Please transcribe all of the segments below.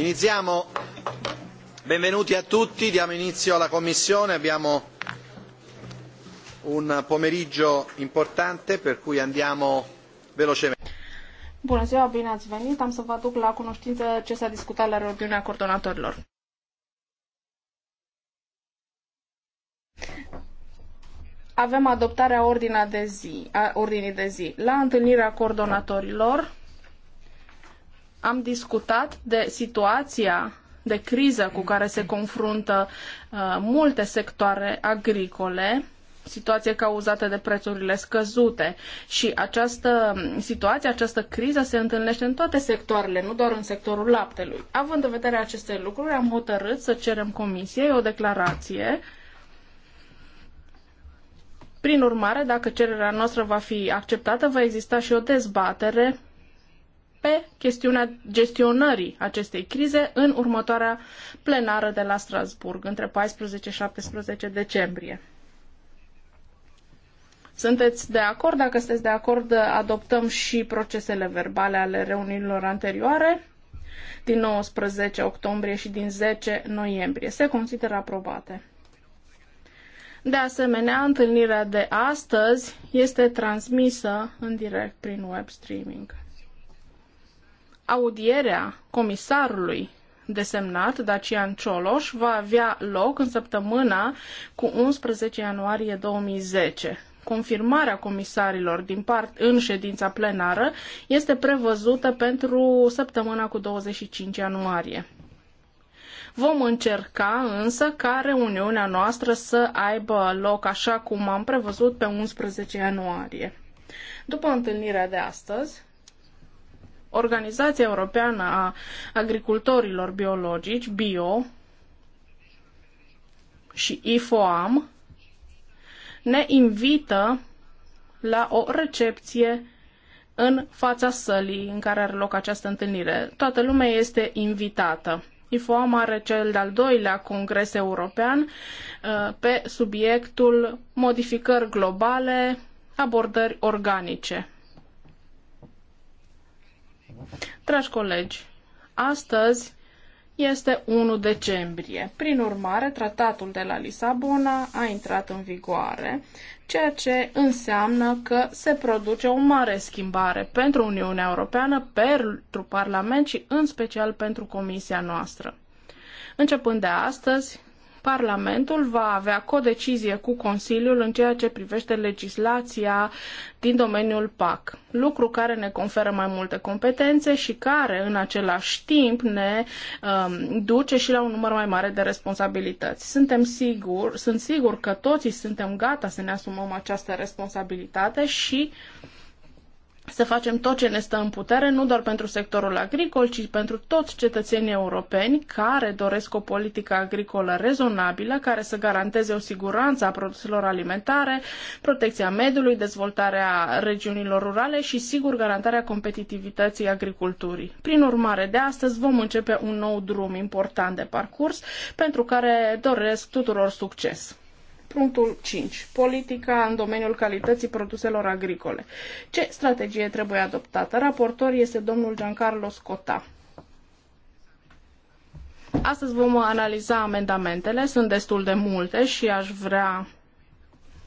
Iniziamo. Benvenuti a tutti, diamo inizio alla Commissione. Abbiamo un pomeriggio importante per cui andiamo velocemente. Bună ziua, bine ați venit. Am să vă aduc la cunoștință ce s-a discutat la reuniunea coordonatorilor. Avem adoptarea de zi, ordinii de zi. La întâlnirea coordonatorilor, am discutat de situația de criză cu care se confruntă uh, multe sectoare agricole, situație cauzată de prețurile scăzute. Și această situație, această criză se întâlnește în toate sectoarele, nu doar în sectorul laptelui. Având în vedere aceste lucruri, am hotărât să cerem comisiei o declarație prin urmare, dacă cererea noastră va fi acceptată, va exista și o dezbatere pe chestiunea gestionării acestei crize în următoarea plenară de la Strasburg, între 14 și 17 decembrie. Sunteți de acord? Dacă sunteți de acord, adoptăm și procesele verbale ale reuniunilor anterioare din 19 octombrie și din 10 noiembrie. Se consideră aprobate. De asemenea, întâlnirea de astăzi este transmisă în direct prin web streaming. Audierea comisarului desemnat, Dacian Cioloș, va avea loc în săptămâna cu 11 ianuarie 2010. Confirmarea comisarilor din part în ședința plenară este prevăzută pentru săptămâna cu 25 ianuarie. Vom încerca însă ca reuniunea noastră să aibă loc așa cum am prevăzut pe 11 ianuarie. După întâlnirea de astăzi, Organizația Europeană a Agricultorilor Biologici, BIO, și IFOAM, ne invită la o recepție în fața sălii în care are loc această întâlnire. Toată lumea este invitată. IFOAM are cel de-al doilea congres european uh, pe subiectul modificări globale, abordări organice. Dragi colegi, astăzi este 1 decembrie. Prin urmare, tratatul de la Lisabona a intrat în vigoare, ceea ce înseamnă că se produce o mare schimbare pentru Uniunea Europeană, pentru Parlament și în special pentru Comisia noastră. Începând de astăzi, Parlamentul va avea codecizie cu Consiliul în ceea ce privește legislația din domeniul PAC, lucru care ne conferă mai multe competențe și care în același timp ne um, duce și la un număr mai mare de responsabilități. Suntem sigur, sunt sigur că toții suntem gata să ne asumăm această responsabilitate și să facem tot ce ne stă în putere, nu doar pentru sectorul agricol, ci pentru toți cetățenii europeni care doresc o politică agricolă rezonabilă, care să garanteze o siguranță a produselor alimentare, protecția mediului, dezvoltarea regiunilor rurale și, sigur, garantarea competitivității agriculturii. Prin urmare, de astăzi vom începe un nou drum important de parcurs pentru care doresc tuturor succes. Punctul 5. Politica în domeniul calității produselor agricole. Ce strategie trebuie adoptată? Raportor este domnul Giancarlo Scotta. Astăzi vom analiza amendamentele, sunt destul de multe și aș vrea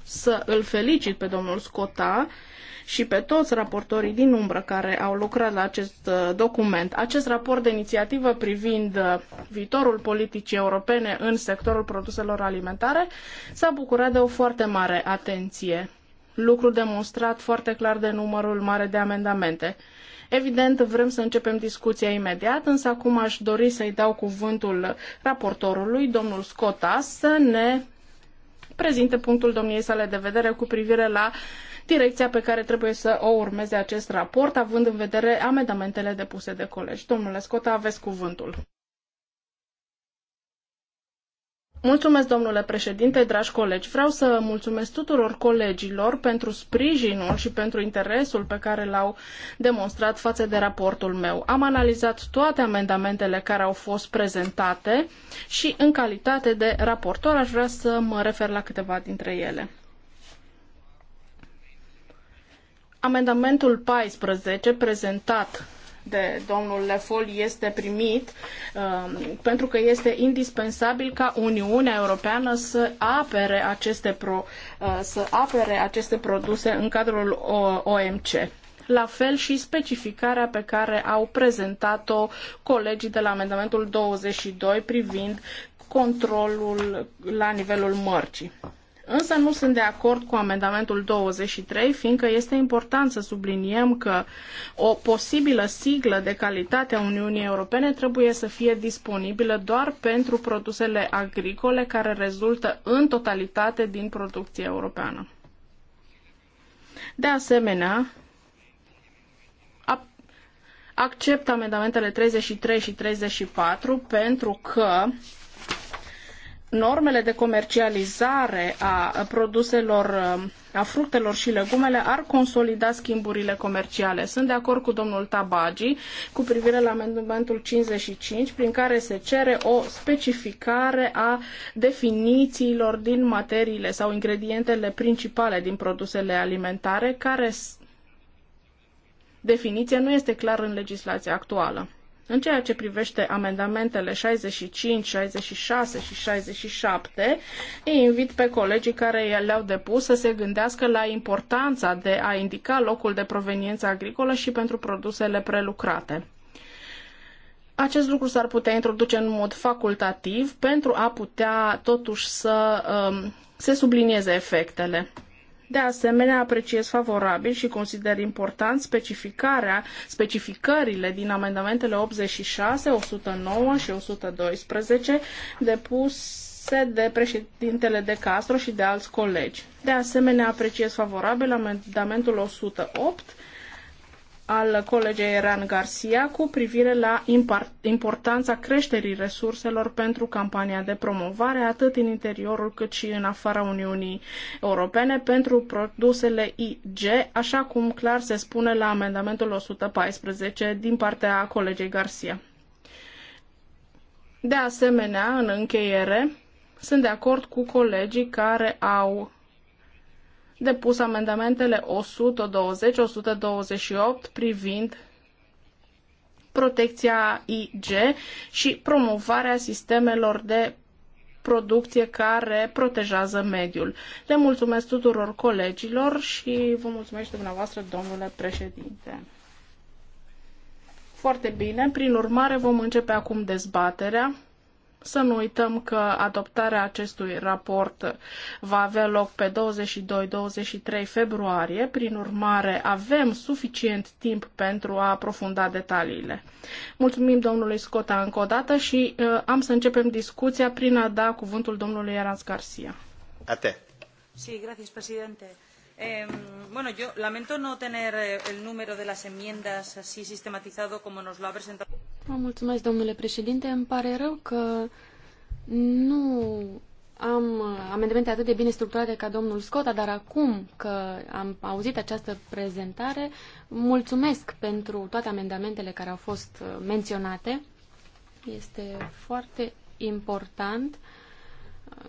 să îl felicit pe domnul Scotta și pe toți raportorii din umbră care au lucrat la acest uh, document. Acest raport de inițiativă privind uh, viitorul politicii europene în sectorul produselor alimentare s-a bucurat de o foarte mare atenție. Lucru demonstrat foarte clar de numărul mare de amendamente. Evident, vrem să începem discuția imediat, însă acum aș dori să-i dau cuvântul raportorului, domnul Scotas, să ne prezinte punctul domniei sale de vedere cu privire la uh, direcția pe care trebuie să o urmeze acest raport, având în vedere amendamentele depuse de colegi. Domnule Scota, aveți cuvântul. Mulțumesc, domnule președinte, dragi colegi. Vreau să mulțumesc tuturor colegilor pentru sprijinul și pentru interesul pe care l-au demonstrat față de raportul meu. Am analizat toate amendamentele care au fost prezentate și, în calitate de raportor, aș vrea să mă refer la câteva dintre ele. Amendamentul 14 prezentat de domnul Lefol este primit um, pentru că este indispensabil ca Uniunea Europeană să apere aceste, pro, uh, să apere aceste produse în cadrul OMC. La fel și specificarea pe care au prezentat-o colegii de la amendamentul 22 privind controlul la nivelul mărcii. Însă nu sunt de acord cu amendamentul 23, fiindcă este important să subliniem că o posibilă siglă de calitate a Uniunii Europene trebuie să fie disponibilă doar pentru produsele agricole care rezultă în totalitate din producție europeană. De asemenea, accept amendamentele 33 și 34 pentru că normele de comercializare a produselor, a fructelor și legumele ar consolida schimburile comerciale. Sunt de acord cu domnul Tabagi cu privire la amendamentul 55, prin care se cere o specificare a definițiilor din materiile sau ingredientele principale din produsele alimentare, care definiție nu este clară în legislația actuală. În ceea ce privește amendamentele 65, 66 și 67, îi invit pe colegii care le-au depus să se gândească la importanța de a indica locul de proveniență agricolă și pentru produsele prelucrate. Acest lucru s-ar putea introduce în mod facultativ pentru a putea totuși să um, se sublinieze efectele. De asemenea, apreciez favorabil și consider important specificarea, specificările din amendamentele 86, 109 și 112 depuse de președintele de Castro și de alți colegi. De asemenea, apreciez favorabil amendamentul 108 al colegei Eran Garcia cu privire la importanța creșterii resurselor pentru campania de promovare, atât în interiorul cât și în afara Uniunii Europene, pentru produsele IG, așa cum clar se spune la amendamentul 114 din partea colegei Garcia. De asemenea, în încheiere, sunt de acord cu colegii care au depus amendamentele 120-128 privind protecția IG și promovarea sistemelor de producție care protejează mediul. Le mulțumesc tuturor colegilor și vă mulțumesc dumneavoastră, domnule președinte. Foarte bine, prin urmare vom începe acum dezbaterea. Să nu uităm că adoptarea acestui raport va avea loc pe 22-23 februarie, prin urmare avem suficient timp pentru a aprofunda detaliile. Mulțumim domnului Scota încă o dată și uh, am să începem discuția prin a da cuvântul domnului Erans Garcia. A te. Sí, gracias, presidente. Eh, bueno, yo lamento no tener el número de las enmiendas así sistematizado como nos lo ha presentado mulțumesc, domnule președinte. Îmi pare rău că nu am amendamente atât de bine structurate ca domnul Scota, dar acum că am auzit această prezentare, mulțumesc pentru toate amendamentele care au fost menționate. Este foarte important uh,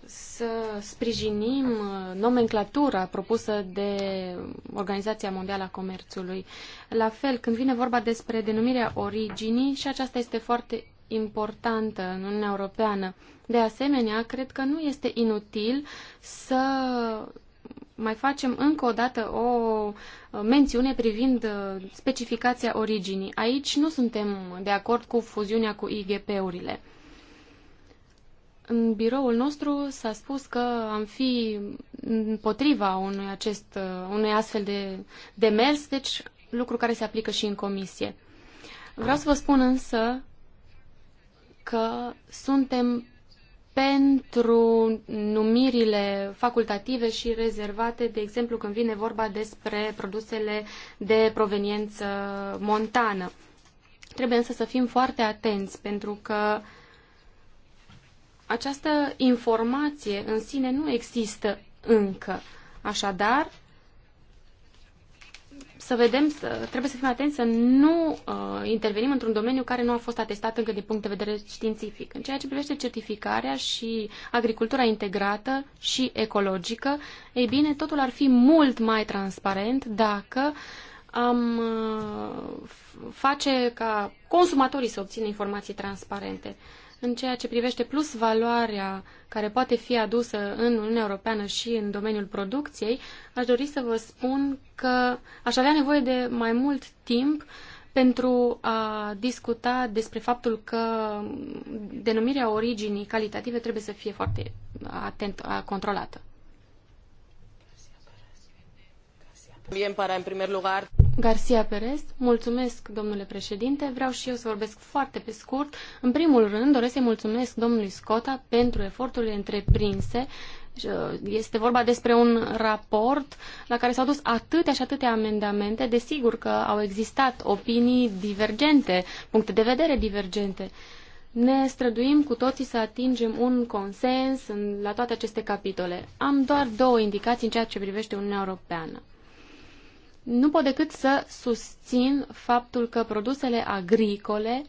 să sprijinim uh, nomenclatura propusă de Organizația Mondială a Comerțului. La fel, când vine vorba despre denumirea originii, și aceasta este foarte importantă în Uniunea Europeană. De asemenea, cred că nu este inutil să mai facem încă o dată o uh, mențiune privind uh, specificația originii. Aici nu suntem de acord cu fuziunea cu IGP-urile. În biroul nostru s-a spus că am fi împotriva unui, acest, unui astfel de demers, deci lucru care se aplică și în comisie. Vreau să vă spun însă că suntem pentru numirile facultative și rezervate, de exemplu când vine vorba despre produsele de proveniență montană. Trebuie însă să fim foarte atenți pentru că uh, această informație în sine nu există încă. Așadar, să vedem, să, trebuie să fim atenți să nu uh, intervenim într-un domeniu care nu a fost atestat încă din punct de vedere științific. În ceea ce privește certificarea și agricultura integrată și ecologică, ei bine, totul ar fi mult mai transparent dacă am uh, face ca consumatorii să obțină informații transparente. Uh, în ceea ce privește plus valoarea care poate fi adusă în Uniunea Europeană și în domeniul producției, aș dori să vă spun că aș avea nevoie de mai mult timp pentru a discuta despre faptul că denumirea originii calitative trebuie să fie foarte atent controlată. Garcia Perez, mulțumesc, domnule președinte. Vreau și eu să vorbesc foarte pe scurt. În primul rând, doresc să-i mulțumesc domnului Scota pentru eforturile întreprinse este vorba despre un raport la care s-au dus atâtea și atâtea amendamente. Desigur că au existat opinii divergente, puncte de vedere divergente. Ne străduim cu toții să atingem un consens în, la toate aceste capitole. Am doar două indicații în ceea ce privește Uniunea Europeană nu pot decât să susțin faptul că produsele agricole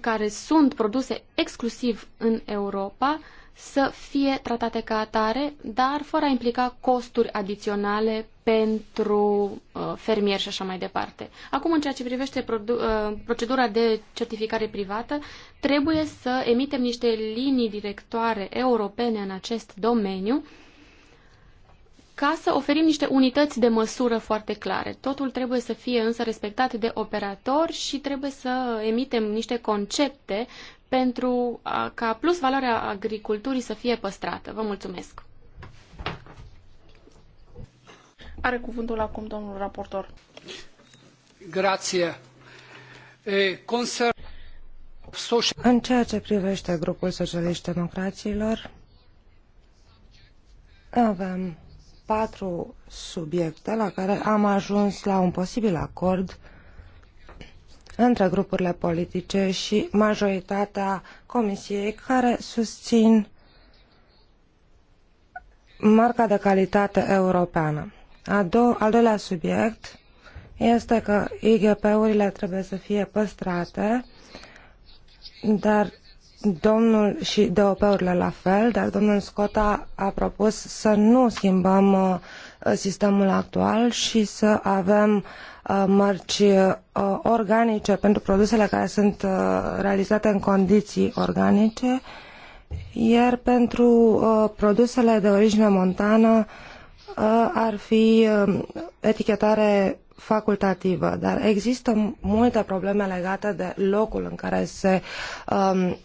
care sunt produse exclusiv în Europa să fie tratate ca atare, dar fără a implica costuri adiționale pentru uh, fermieri și așa mai departe. Acum, în ceea ce privește uh, procedura de certificare privată, trebuie să emitem niște linii directoare europene în acest domeniu uh, ca să oferim niște unități de măsură foarte clare. Totul trebuie să fie însă respectat de operator și trebuie să emitem niște concepte pentru a, ca plus valoarea agriculturii să fie păstrată. Vă mulțumesc. Are cuvântul acum domnul raportor. Grație. E, conser... Social... În ceea ce privește grupul socialiști democraților, avem patru subiecte la care am ajuns la un posibil acord între grupurile politice și majoritatea Comisiei care susțin marca de calitate europeană. A do al doilea subiect este că IGP-urile trebuie să fie păstrate, dar Domnul și DOP-urile la fel, dar domnul Scota a propus să nu schimbăm uh, sistemul actual și să avem uh, mărci uh, organice pentru produsele care sunt realizate în condiții organice, iar pentru produsele de origine montană ar fi etichetare facultativă, dar există multe probleme legate de locul în care se um,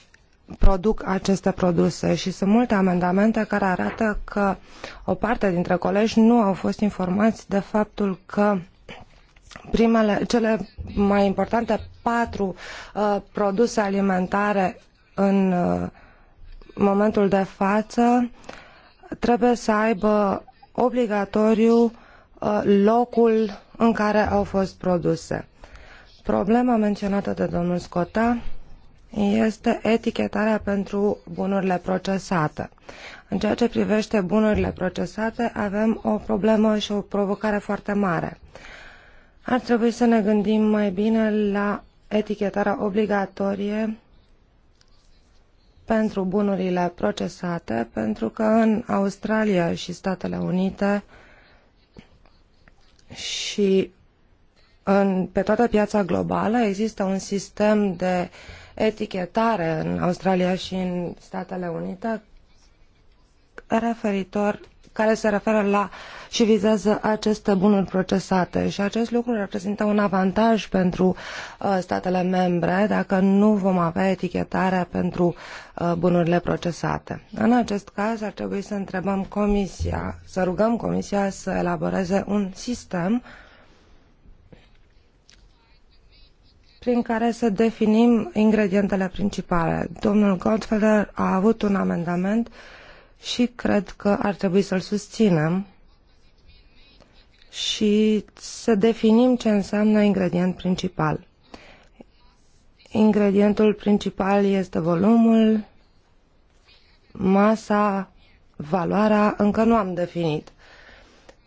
produc aceste produse și sunt multe amendamente care arată că o parte dintre colegi nu au fost informați de faptul că primele, cele mai importante patru uh, produse alimentare în uh, momentul de față trebuie să aibă obligatoriu uh, locul în care au fost produse. Problema menționată de domnul Scotta este etichetarea pentru bunurile procesate. În ceea ce privește bunurile procesate, avem o problemă și o provocare foarte mare. Ar trebui să ne gândim mai bine la etichetarea obligatorie pentru bunurile procesate, pentru că în Australia și Statele Unite și în, pe toată piața globală există un sistem de uh, etichetare în Australia și în Statele Unite referitor care se referă la și vizează aceste bunuri procesate și acest lucru reprezintă un avantaj pentru uh, statele membre dacă nu vom avea etichetarea pentru uh, bunurile procesate. În acest caz ar trebui să întrebăm comisia, să rugăm comisia să elaboreze un sistem uh, prin care să definim ingredientele principale. Domnul Goldfeller a avut un amendament și cred că ar trebui să-l susținem și să definim ce înseamnă ingredient principal. Ingredientul principal este volumul, masa, valoarea, încă nu am definit.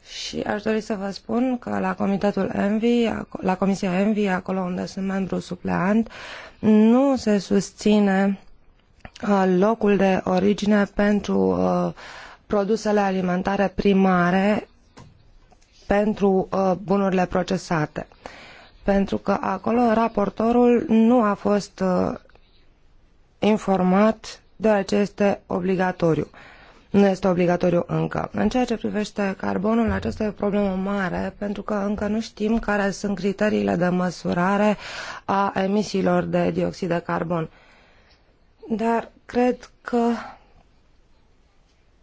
Și aș dori să vă spun că la Comitetul Envi, la Comisia Envi, acolo unde sunt membru supleant, nu se susține uh, locul de origine pentru uh, produsele alimentare primare pentru uh, bunurile procesate. Pentru că acolo raportorul nu a fost informat deoarece este obligatoriu nu este obligatoriu încă. În ceea ce privește carbonul, aceasta e o problemă mare pentru că încă nu știm care sunt criteriile de măsurare a emisiilor de dioxid de carbon. Dar cred că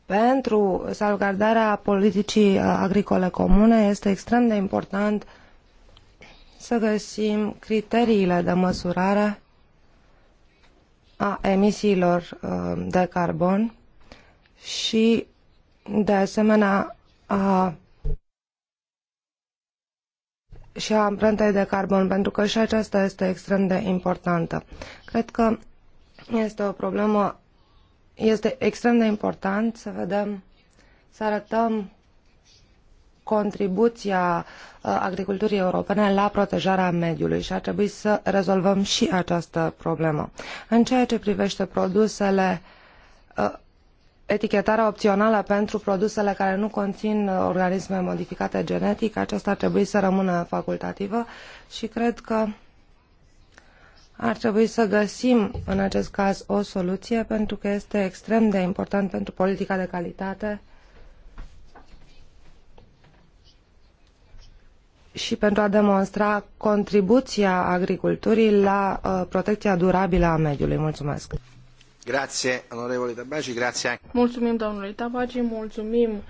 pentru salvgardarea politicii uh, agricole comune este extrem de important să găsim criteriile de măsurare a emisiilor uh, de carbon și, de asemenea, a și a amprentei de carbon, pentru că și aceasta este extrem de importantă. Cred că este o problemă, este extrem de important să vedem, să arătăm contribuția uh, agriculturii europene la protejarea mediului și ar trebui să rezolvăm și această problemă. În ceea ce privește produsele uh, etichetarea opțională pentru produsele care nu conțin uh, organisme modificate genetic, aceasta ar trebui să rămână facultativă și cred că ar trebui să găsim în acest caz o soluție pentru că este extrem de important pentru politica de calitate și pentru a demonstra contribuția agriculturii la uh, protecția durabilă a mediului. Mulțumesc! Mulțumim domnului Tabaci, mulțumim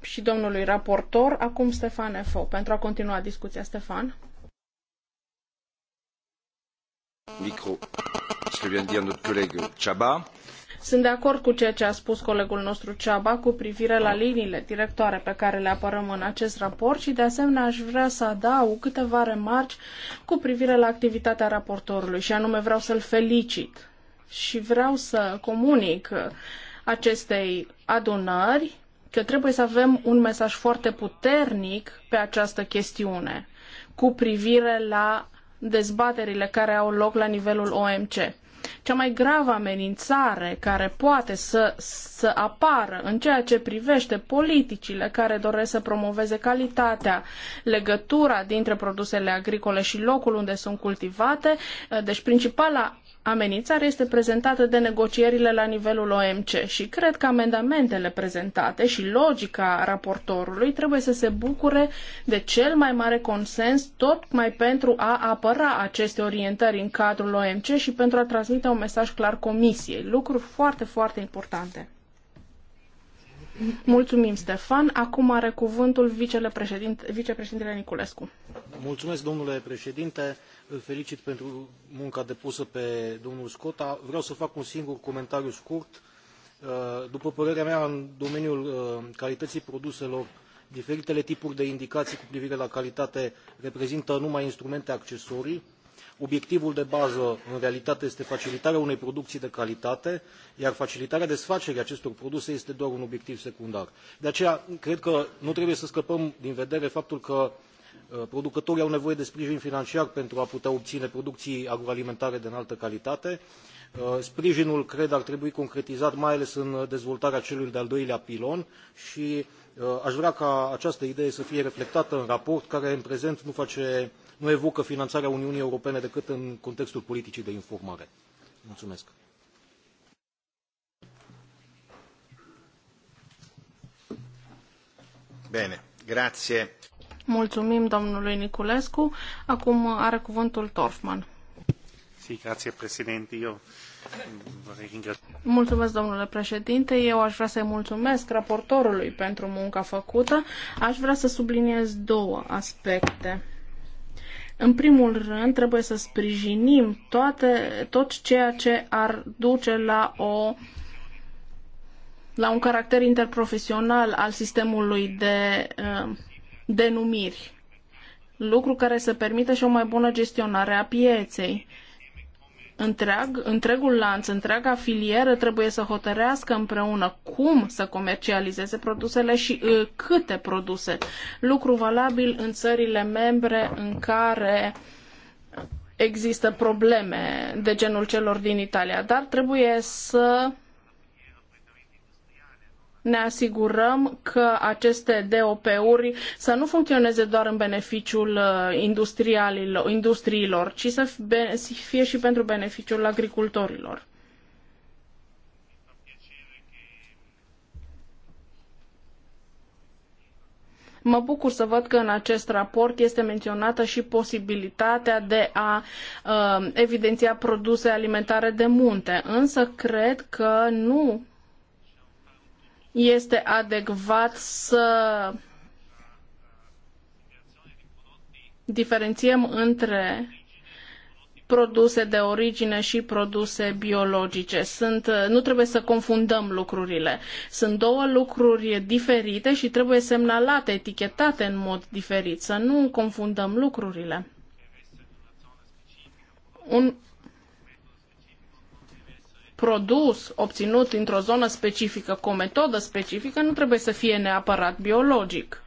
și domnului raportor. Acum Stefan Efo, pentru a continua discuția. Stefan. Micro. Ce vient dire notre collègue Chaba. Sunt de acord cu ceea ce a spus colegul nostru Ceaba cu privire la liniile directoare pe care le apărăm în acest raport și de asemenea aș vrea să adaug câteva remarci cu privire la activitatea raportorului și anume vreau să-l felicit și vreau să comunic acestei adunări că trebuie să avem un mesaj foarte puternic pe această chestiune cu privire la dezbaterile care au loc la nivelul OMC. Cea mai gravă amenințare care poate să, să apară în ceea ce privește politicile care doresc să promoveze calitatea, legătura dintre produsele agricole și locul unde sunt cultivate, deci principala Amenințarea este prezentată de negocierile la nivelul OMC și cred că amendamentele prezentate și logica raportorului trebuie să se bucure de cel mai mare consens tocmai pentru a apăra aceste orientări în cadrul OMC și pentru a transmite un mesaj clar comisiei. Lucruri foarte, foarte importante. Mulțumim, Stefan. Acum are cuvântul vicepreședintele Niculescu. Mulțumesc, domnule președinte îl felicit pentru munca depusă pe domnul Scota. Vreau să fac un singur comentariu scurt. Uh, după părerea mea, în domeniul uh, calității produselor, diferitele tipuri de indicații cu privire la calitate reprezintă numai instrumente accesorii. Obiectivul de bază, în realitate, este facilitarea unei producții de calitate, iar facilitarea desfacerii acestor produse este doar un obiectiv secundar. De aceea, cred că nu trebuie să scăpăm din vedere faptul că Uh, producătorii au nevoie de sprijin financiar pentru a putea obține producții agroalimentare de înaltă calitate. Uh, sprijinul, cred, ar trebui concretizat mai ales în dezvoltarea celui de-al doilea pilon și uh, aș vrea ca această idee să fie reflectată în raport, care în prezent nu, face, nu evocă finanțarea Uniunii Europene decât în contextul politicii de informare. Mulțumesc. Bine, grazie. Mulțumim domnului Niculescu. Acum are cuvântul Torfman. Sí, grazie, președinte. Eu Mulțumesc, domnule președinte. Eu aș vrea să-i mulțumesc raportorului pentru munca făcută. Aș vrea să subliniez două aspecte. În primul rând, trebuie să sprijinim toate, tot ceea ce ar duce la o la un caracter interprofesional al sistemului de uh, denumiri, lucru care să permită și o mai bună gestionare a pieței. Întreag, întregul lanț, întreaga filieră trebuie să hotărească împreună cum să comercializeze produsele și uh, câte produse. Lucru valabil în țările membre în care există probleme de genul celor din Italia, dar trebuie să ne asigurăm că aceste DOP-uri să nu funcționeze doar în beneficiul uh, industriilor, ci să fie și pentru beneficiul agricultorilor. Mă bucur să văd că în acest raport este menționată și posibilitatea de a uh, evidenția produse alimentare de munte, însă cred că nu este adecvat să diferențiem între produse de origine și produse biologice. Sunt, nu trebuie să confundăm lucrurile. Sunt două lucruri diferite și trebuie semnalate, etichetate în mod diferit, să nu confundăm lucrurile. Un produs obținut într o zonă specifică cu o metodă specifică nu trebuie să fie neapărat biologic.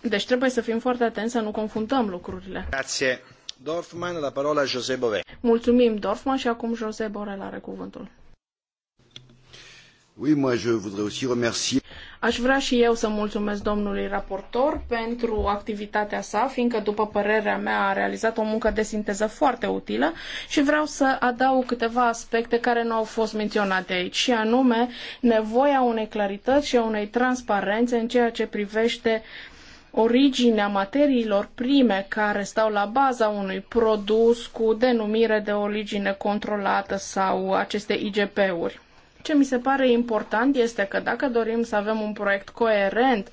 Deci trebuie să fim foarte atenți să nu confundăm lucrurile. Grazie. Dorfman, la parola José Bové. Mulțumim, Dorfman, și acum José Borel are cuvântul. Oui, moi je voudrais aussi remercier. Aș vrea și eu să mulțumesc domnului raportor pentru activitatea sa, fiindcă, după părerea mea, a realizat o muncă de sinteză foarte utilă și vreau să adaug câteva aspecte care nu au fost menționate aici, și anume nevoia unei clarități și a unei transparențe în ceea ce privește originea materiilor prime care stau la baza unui produs cu denumire de origine controlată sau aceste IGP-uri. Ce mi se pare important este că dacă dorim să avem un proiect coerent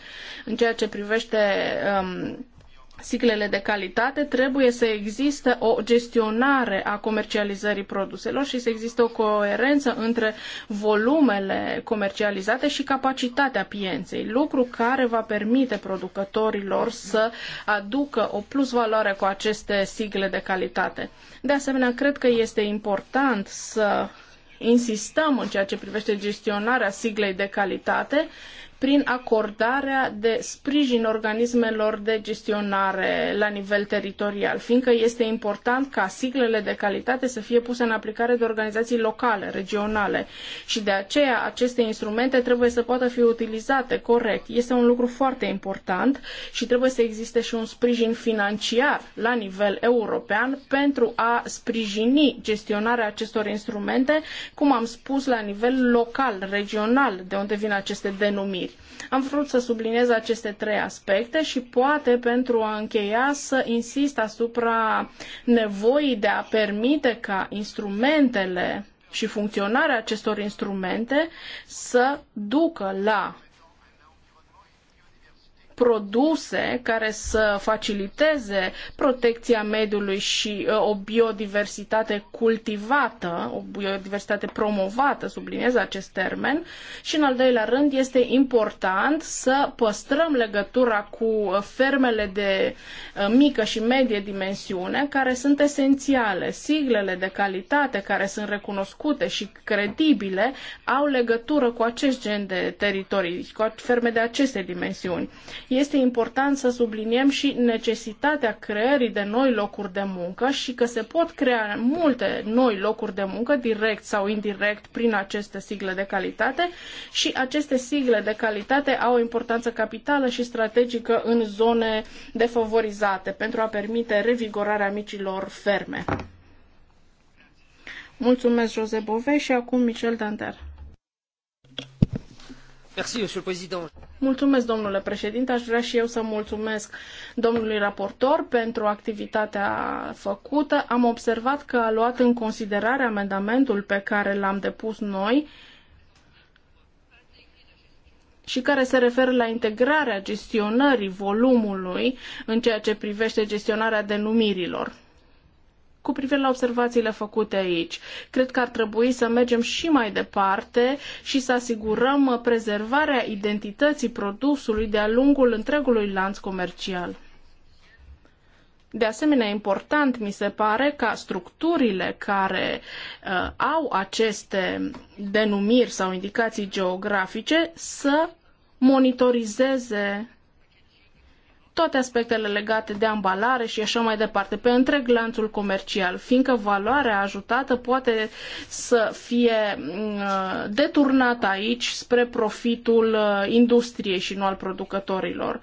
în ceea ce privește um, siglele de calitate, trebuie să existe o gestionare a comercializării produselor și să existe o coerență între volumele comercializate și capacitatea pieței, lucru care va permite producătorilor să aducă o plusvaloare cu aceste sigle de calitate. De asemenea, cred că este important să insistăm în ceea ce privește gestionarea siglei de calitate prin acordarea de sprijin organismelor de gestionare la nivel teritorial, fiindcă este important ca siglele de calitate să fie puse în aplicare de organizații locale, regionale și de aceea aceste instrumente trebuie să poată fi utilizate corect. Este un lucru foarte important și trebuie să existe și un sprijin financiar la nivel european pentru a sprijini gestionarea acestor instrumente, cum am spus, la nivel local, regional, de unde vin aceste denumiri. Am vrut să subliniez aceste trei aspecte și poate pentru a încheia să insist asupra nevoii de a permite ca instrumentele și funcționarea acestor instrumente să ducă la produse care să faciliteze protecția mediului și uh, o biodiversitate cultivată, o biodiversitate promovată, subliniez acest termen, și în al doilea rând este important să păstrăm legătura cu uh, fermele de uh, mică și medie dimensiune care sunt esențiale. Siglele de calitate care sunt recunoscute și credibile au legătură cu acest gen de teritorii, cu ferme de aceste dimensiuni este important să subliniem și necesitatea creării de noi locuri de muncă și că se pot crea multe noi locuri de muncă, direct sau indirect, prin aceste sigle de calitate și aceste sigle de calitate au o importanță capitală și strategică în zone defavorizate pentru a permite revigorarea micilor ferme. Mulțumesc, Jose Bove, și acum Michel Dantar. Mulțumesc, domnule președinte. Aș vrea și eu să mulțumesc domnului raportor pentru activitatea făcută. Am observat că a luat în considerare amendamentul pe care l-am depus noi și care se referă la integrarea gestionării volumului în ceea ce privește gestionarea denumirilor cu privire la observațiile făcute aici. Cred că ar trebui să mergem și mai departe și să asigurăm prezervarea identității produsului de-a lungul întregului lanț comercial. De asemenea, important mi se pare ca structurile care uh, au aceste denumiri sau indicații geografice să monitorizeze toate aspectele legate de ambalare și așa mai departe, pe întreg lanțul comercial, fiindcă valoarea ajutată poate să fie mm, deturnată aici spre profitul uh, industriei și nu al producătorilor.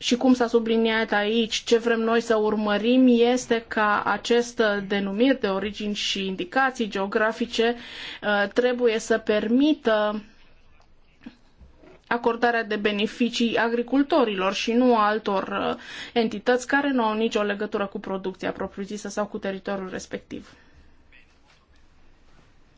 Și cum s-a subliniat aici, ce vrem noi să urmărim este ca acest uh, denumiri de origini și indicații geografice uh, trebuie să permită acordarea de beneficii agricultorilor și nu altor uh, entități care nu au nicio legătură cu producția propriu-zisă sau cu teritoriul respectiv.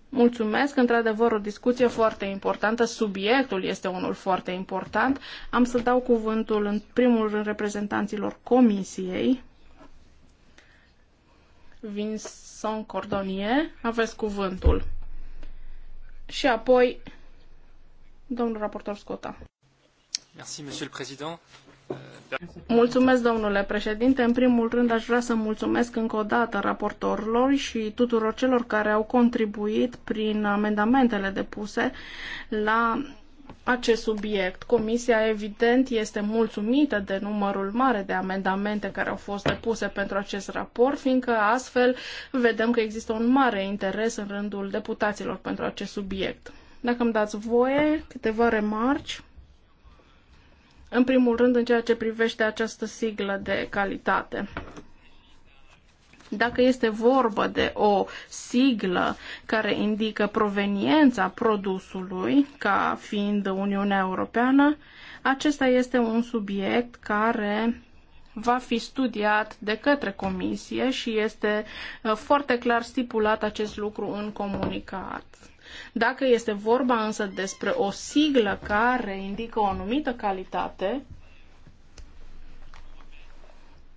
Mulțumesc, într-adevăr, o discuție foarte importantă. Subiectul este unul foarte important. Am să dau cuvântul în primul rând reprezentanților comisiei. Vincent Cordonie, aveți cuvântul. Și apoi Domnul raportor Scota. Euh, mulțumesc, domnule președinte. În primul rând, aș vrea să mulțumesc încă o dată raportorilor și tuturor celor care au contribuit prin amendamentele depuse la acest subiect. Comisia, evident, este mulțumită de numărul mare de amendamente care au fost depuse pentru acest raport, fiindcă astfel vedem că există un mare interes în rândul deputaților pentru acest subiect. Dacă îmi dați voie, câteva remarci. În primul rând, în ceea ce privește această siglă de calitate dacă este vorba de o siglă care indică proveniența produsului ca fiind Uniunea Europeană, acesta este un subiect care va fi studiat de către comisie și este uh, foarte clar stipulat acest lucru în comunicat dacă este vorba însă despre o siglă care indică o anumită calitate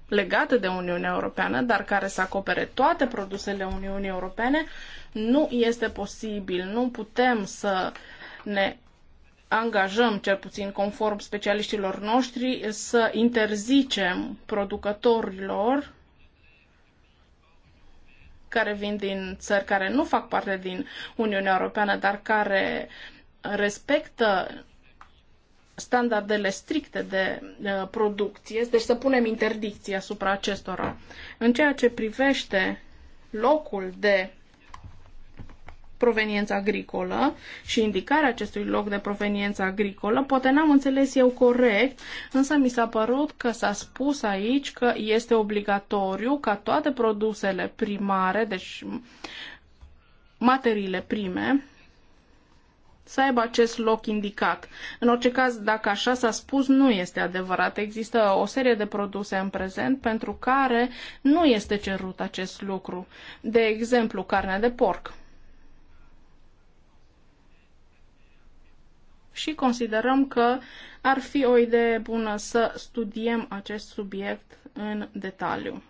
legată de Uniunea Europeană, dar care să acopere toate produsele Uniunii Europene, nu este posibil. Nu putem să ne angajăm, cel puțin conform specialiștilor noștri, să interzicem producătorilor care vin din țări care nu fac parte din Uniunea Europeană, dar care respectă standardele stricte de uh, producție, deci să punem interdicții asupra acestora. În ceea ce privește locul de proveniență agricolă și indicarea acestui loc de proveniență agricolă, poate n-am înțeles eu corect, însă mi s-a părut că s-a spus aici că este obligatoriu ca toate produsele primare, deci materiile prime, să aibă acest loc indicat. În orice caz, dacă așa s-a spus, nu este adevărat. Există o serie de produse în prezent pentru care nu este cerut acest lucru. De exemplu, carnea de porc. și considerăm că ar fi o idee bună să studiem acest subiect în detaliu.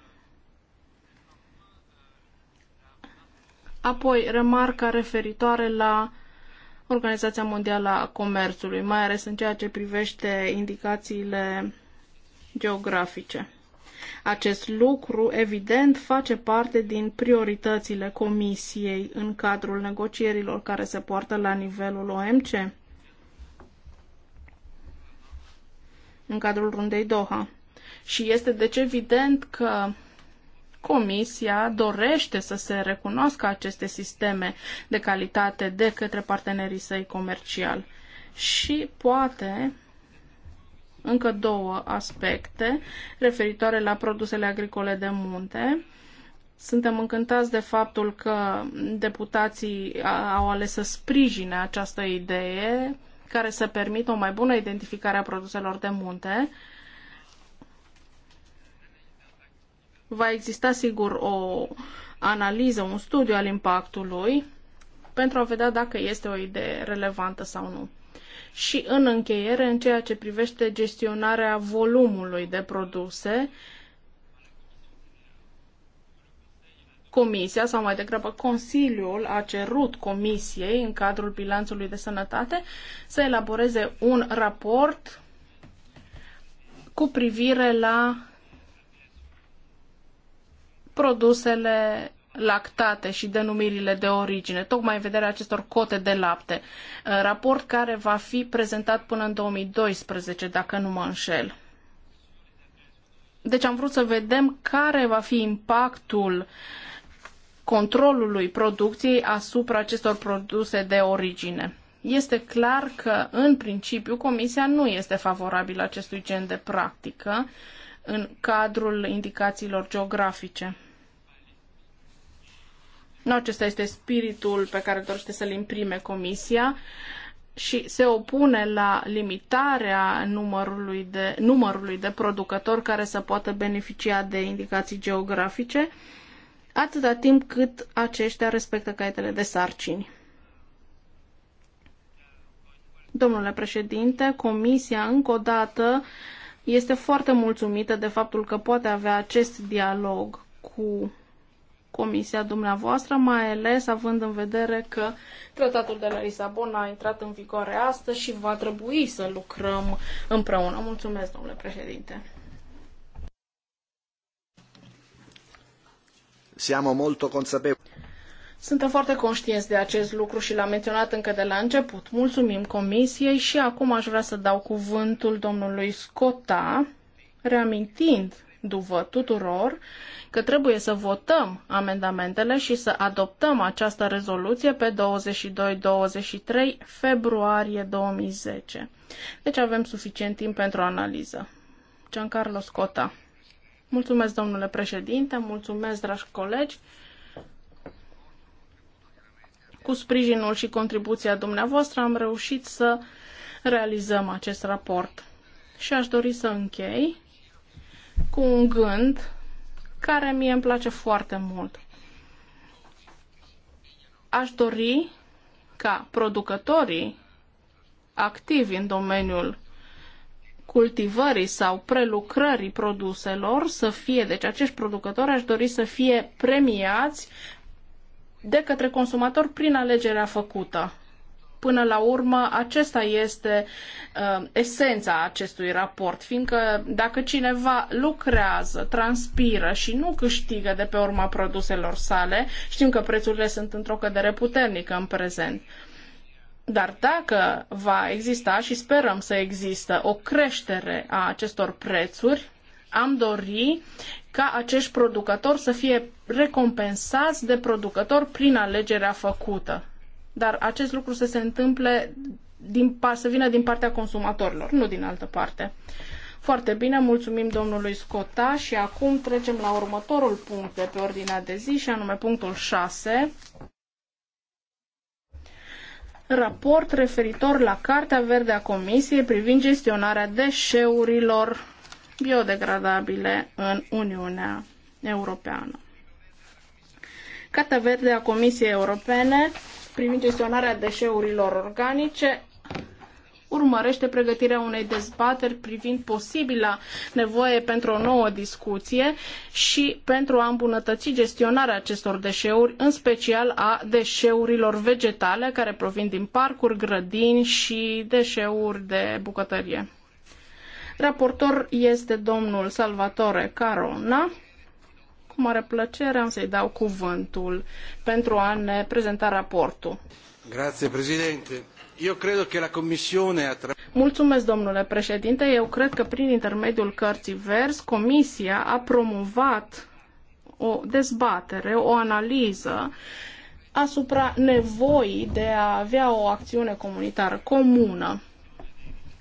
Apoi, remarca referitoare la Organizația Mondială a Comerțului, mai ales în ceea ce privește indicațiile geografice. Acest lucru, evident, face parte din prioritățile Comisiei în cadrul negocierilor care se poartă la nivelul OMC. în cadrul rundei Doha. Și este deci evident că Comisia dorește să se recunoască aceste sisteme de calitate de către partenerii săi comercial. Și poate încă două aspecte referitoare la produsele agricole de munte. Suntem încântați de faptul că deputații au ales să sprijine această idee care să permită o mai bună identificare a produselor de munte. Va exista sigur o analiză, un studiu al impactului pentru a vedea dacă este o idee relevantă sau nu. Și în încheiere, în ceea ce privește gestionarea volumului de produse, Comisia, sau mai degrabă Consiliul, a cerut Comisiei, în cadrul bilanțului de sănătate, să elaboreze un raport cu privire la produsele lactate și denumirile de origine, tocmai în vederea acestor cote de lapte. Uh, raport care va fi prezentat până în 2012, dacă nu mă înșel. Deci am vrut să vedem care va fi impactul controlului producției asupra acestor produse de origine. Este clar că, în principiu, Comisia nu este favorabilă acestui gen de practică în cadrul indicațiilor geografice. Nu acesta este spiritul pe care dorește să-l imprime Comisia și se opune la limitarea numărului de, numărului de producători care să poată beneficia de indicații geografice atâta timp cât aceștia respectă caietele de sarcini. Domnule președinte, Comisia încă o dată este foarte mulțumită de faptul că poate avea acest dialog cu Comisia dumneavoastră, mai ales având în vedere că tratatul de la Lisabona a intrat în vigoare astăzi și va trebui să lucrăm împreună. Mulțumesc, domnule președinte. Siamo molto consapevoli. Suntem foarte conștienți de acest lucru și l-am menționat încă de la început. Mulțumim Comisiei și acum aș vrea să dau cuvântul domnului Scota, reamintind duvă tuturor că trebuie să votăm amendamentele și să adoptăm această rezoluție pe 22-23 februarie 2010. Deci avem suficient timp pentru analiză. Giancarlo Scotta. Mulțumesc, domnule președinte, mulțumesc, dragi colegi. Cu sprijinul și contribuția dumneavoastră am reușit să realizăm acest raport. Și aș dori să închei cu un gând care mie îmi place foarte mult. Aș dori ca producătorii activi în domeniul cultivării sau prelucrării produselor să fie, deci acești producători aș dori să fie premiați de către consumator prin alegerea făcută. Până la urmă, acesta este uh, esența acestui raport, fiindcă dacă cineva lucrează, transpiră și nu câștigă de pe urma produselor sale, știm că prețurile sunt într-o cădere puternică în prezent. Uh, dar dacă va exista și sperăm să există o creștere a acestor prețuri, am dori ca acești producători să fie recompensați de producători prin alegerea făcută. Dar acest lucru să se întâmple din, să vină din partea consumatorilor, nu din altă parte. Foarte bine, mulțumim domnului Scota și acum trecem la următorul punct de pe ordinea de zi și anume punctul 6 raport referitor la Cartea Verde a Comisiei privind gestionarea deșeurilor biodegradabile în Uniunea Europeană. Cartea Verde a Comisiei Europene privind gestionarea deșeurilor organice urmărește pregătirea unei dezbateri privind posibila nevoie pentru o nouă discuție și pentru a îmbunătăți gestionarea acestor deșeuri, în special a deșeurilor vegetale care provin din parcuri, grădini și deșeuri de bucătărie. Raportor este domnul Salvatore Carona. Cu mare plăcere am să-i dau cuvântul pentru a ne prezenta raportul. Grazie, președinte. Eu cred că la Comisiune Mulțumesc, domnule președinte. Eu cred că prin intermediul cărții vers, Comisia a promovat o dezbatere, o analiză asupra nevoii de a avea o acțiune comunitară comună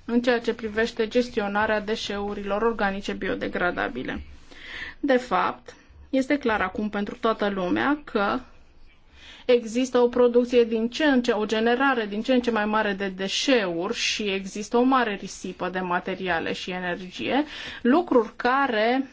în ceea ce privește gestionarea deșeurilor organice biodegradabile. De fapt, este clar acum pentru toată lumea că există o producție din ce în ce, o generare din ce în ce mai mare de deșeuri și există o mare risipă de materiale și energie, lucruri care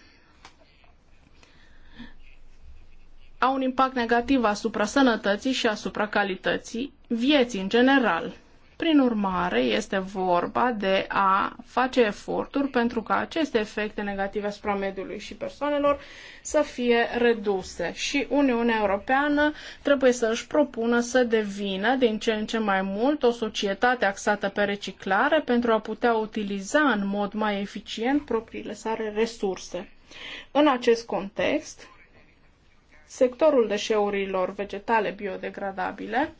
au un impact negativ asupra sănătății și asupra calității vieții în general. Prin urmare, este vorba de a face eforturi pentru ca aceste efecte negative asupra mediului și persoanelor să fie reduse. Și Uniunea Europeană trebuie să își propună să devină din ce în ce mai mult o societate axată pe reciclare pentru a putea utiliza în mod mai eficient propriile sale resurse. În acest context, sectorul deșeurilor vegetale biodegradabile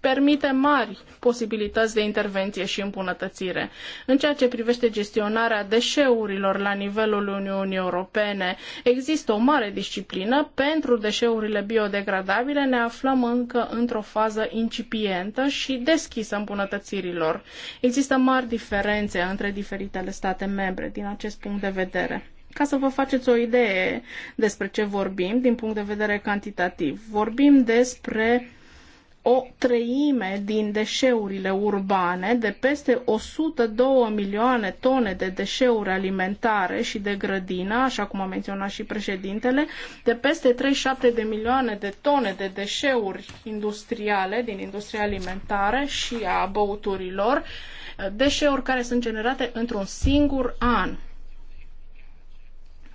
permite mari posibilități de intervenție și îmbunătățire. În ceea ce privește gestionarea deșeurilor la nivelul Uniunii Europene, există o mare disciplină. Pentru deșeurile biodegradabile ne aflăm încă într-o fază incipientă și deschisă îmbunătățirilor. Există mari diferențe între diferitele state membre din acest punct de vedere. Ca să vă faceți o idee despre ce vorbim din punct de vedere cantitativ, vorbim despre o treime din deșeurile urbane, de peste 102 milioane tone de deșeuri alimentare și de grădină, așa cum a menționat și președintele, de peste 37 de milioane de tone de deșeuri industriale din industria alimentară și a băuturilor, deșeuri care sunt generate într-un singur an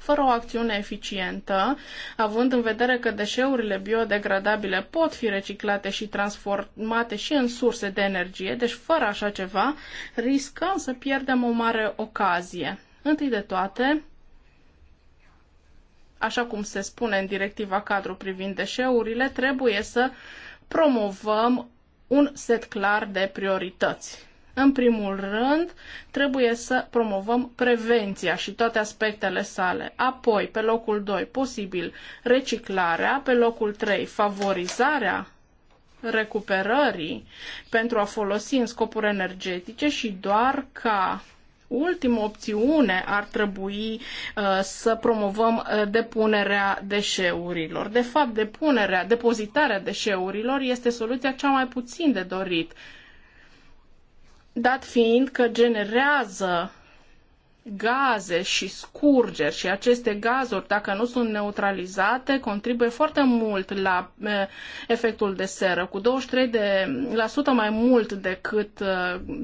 fără o acțiune eficientă, având în vedere că deșeurile biodegradabile pot fi reciclate și transformate și în surse de energie, deci fără așa ceva, riscăm să pierdem o mare ocazie. Întâi de toate, așa cum se spune în directiva cadru privind deșeurile, trebuie să promovăm un set clar de priorități în primul rând, trebuie să promovăm prevenția și toate aspectele sale. Apoi, pe locul 2, posibil reciclarea, pe locul 3, favorizarea recuperării pentru a folosi în scopuri energetice și doar ca ultimă opțiune ar trebui uh, să promovăm uh, depunerea deșeurilor. De fapt, depunerea, depozitarea deșeurilor este soluția cea mai puțin de dorit dat fiind că generează gaze și scurgeri și aceste gazuri, dacă nu sunt neutralizate, contribuie foarte mult la eh, efectul de seră, cu 23% mai mult decât eh,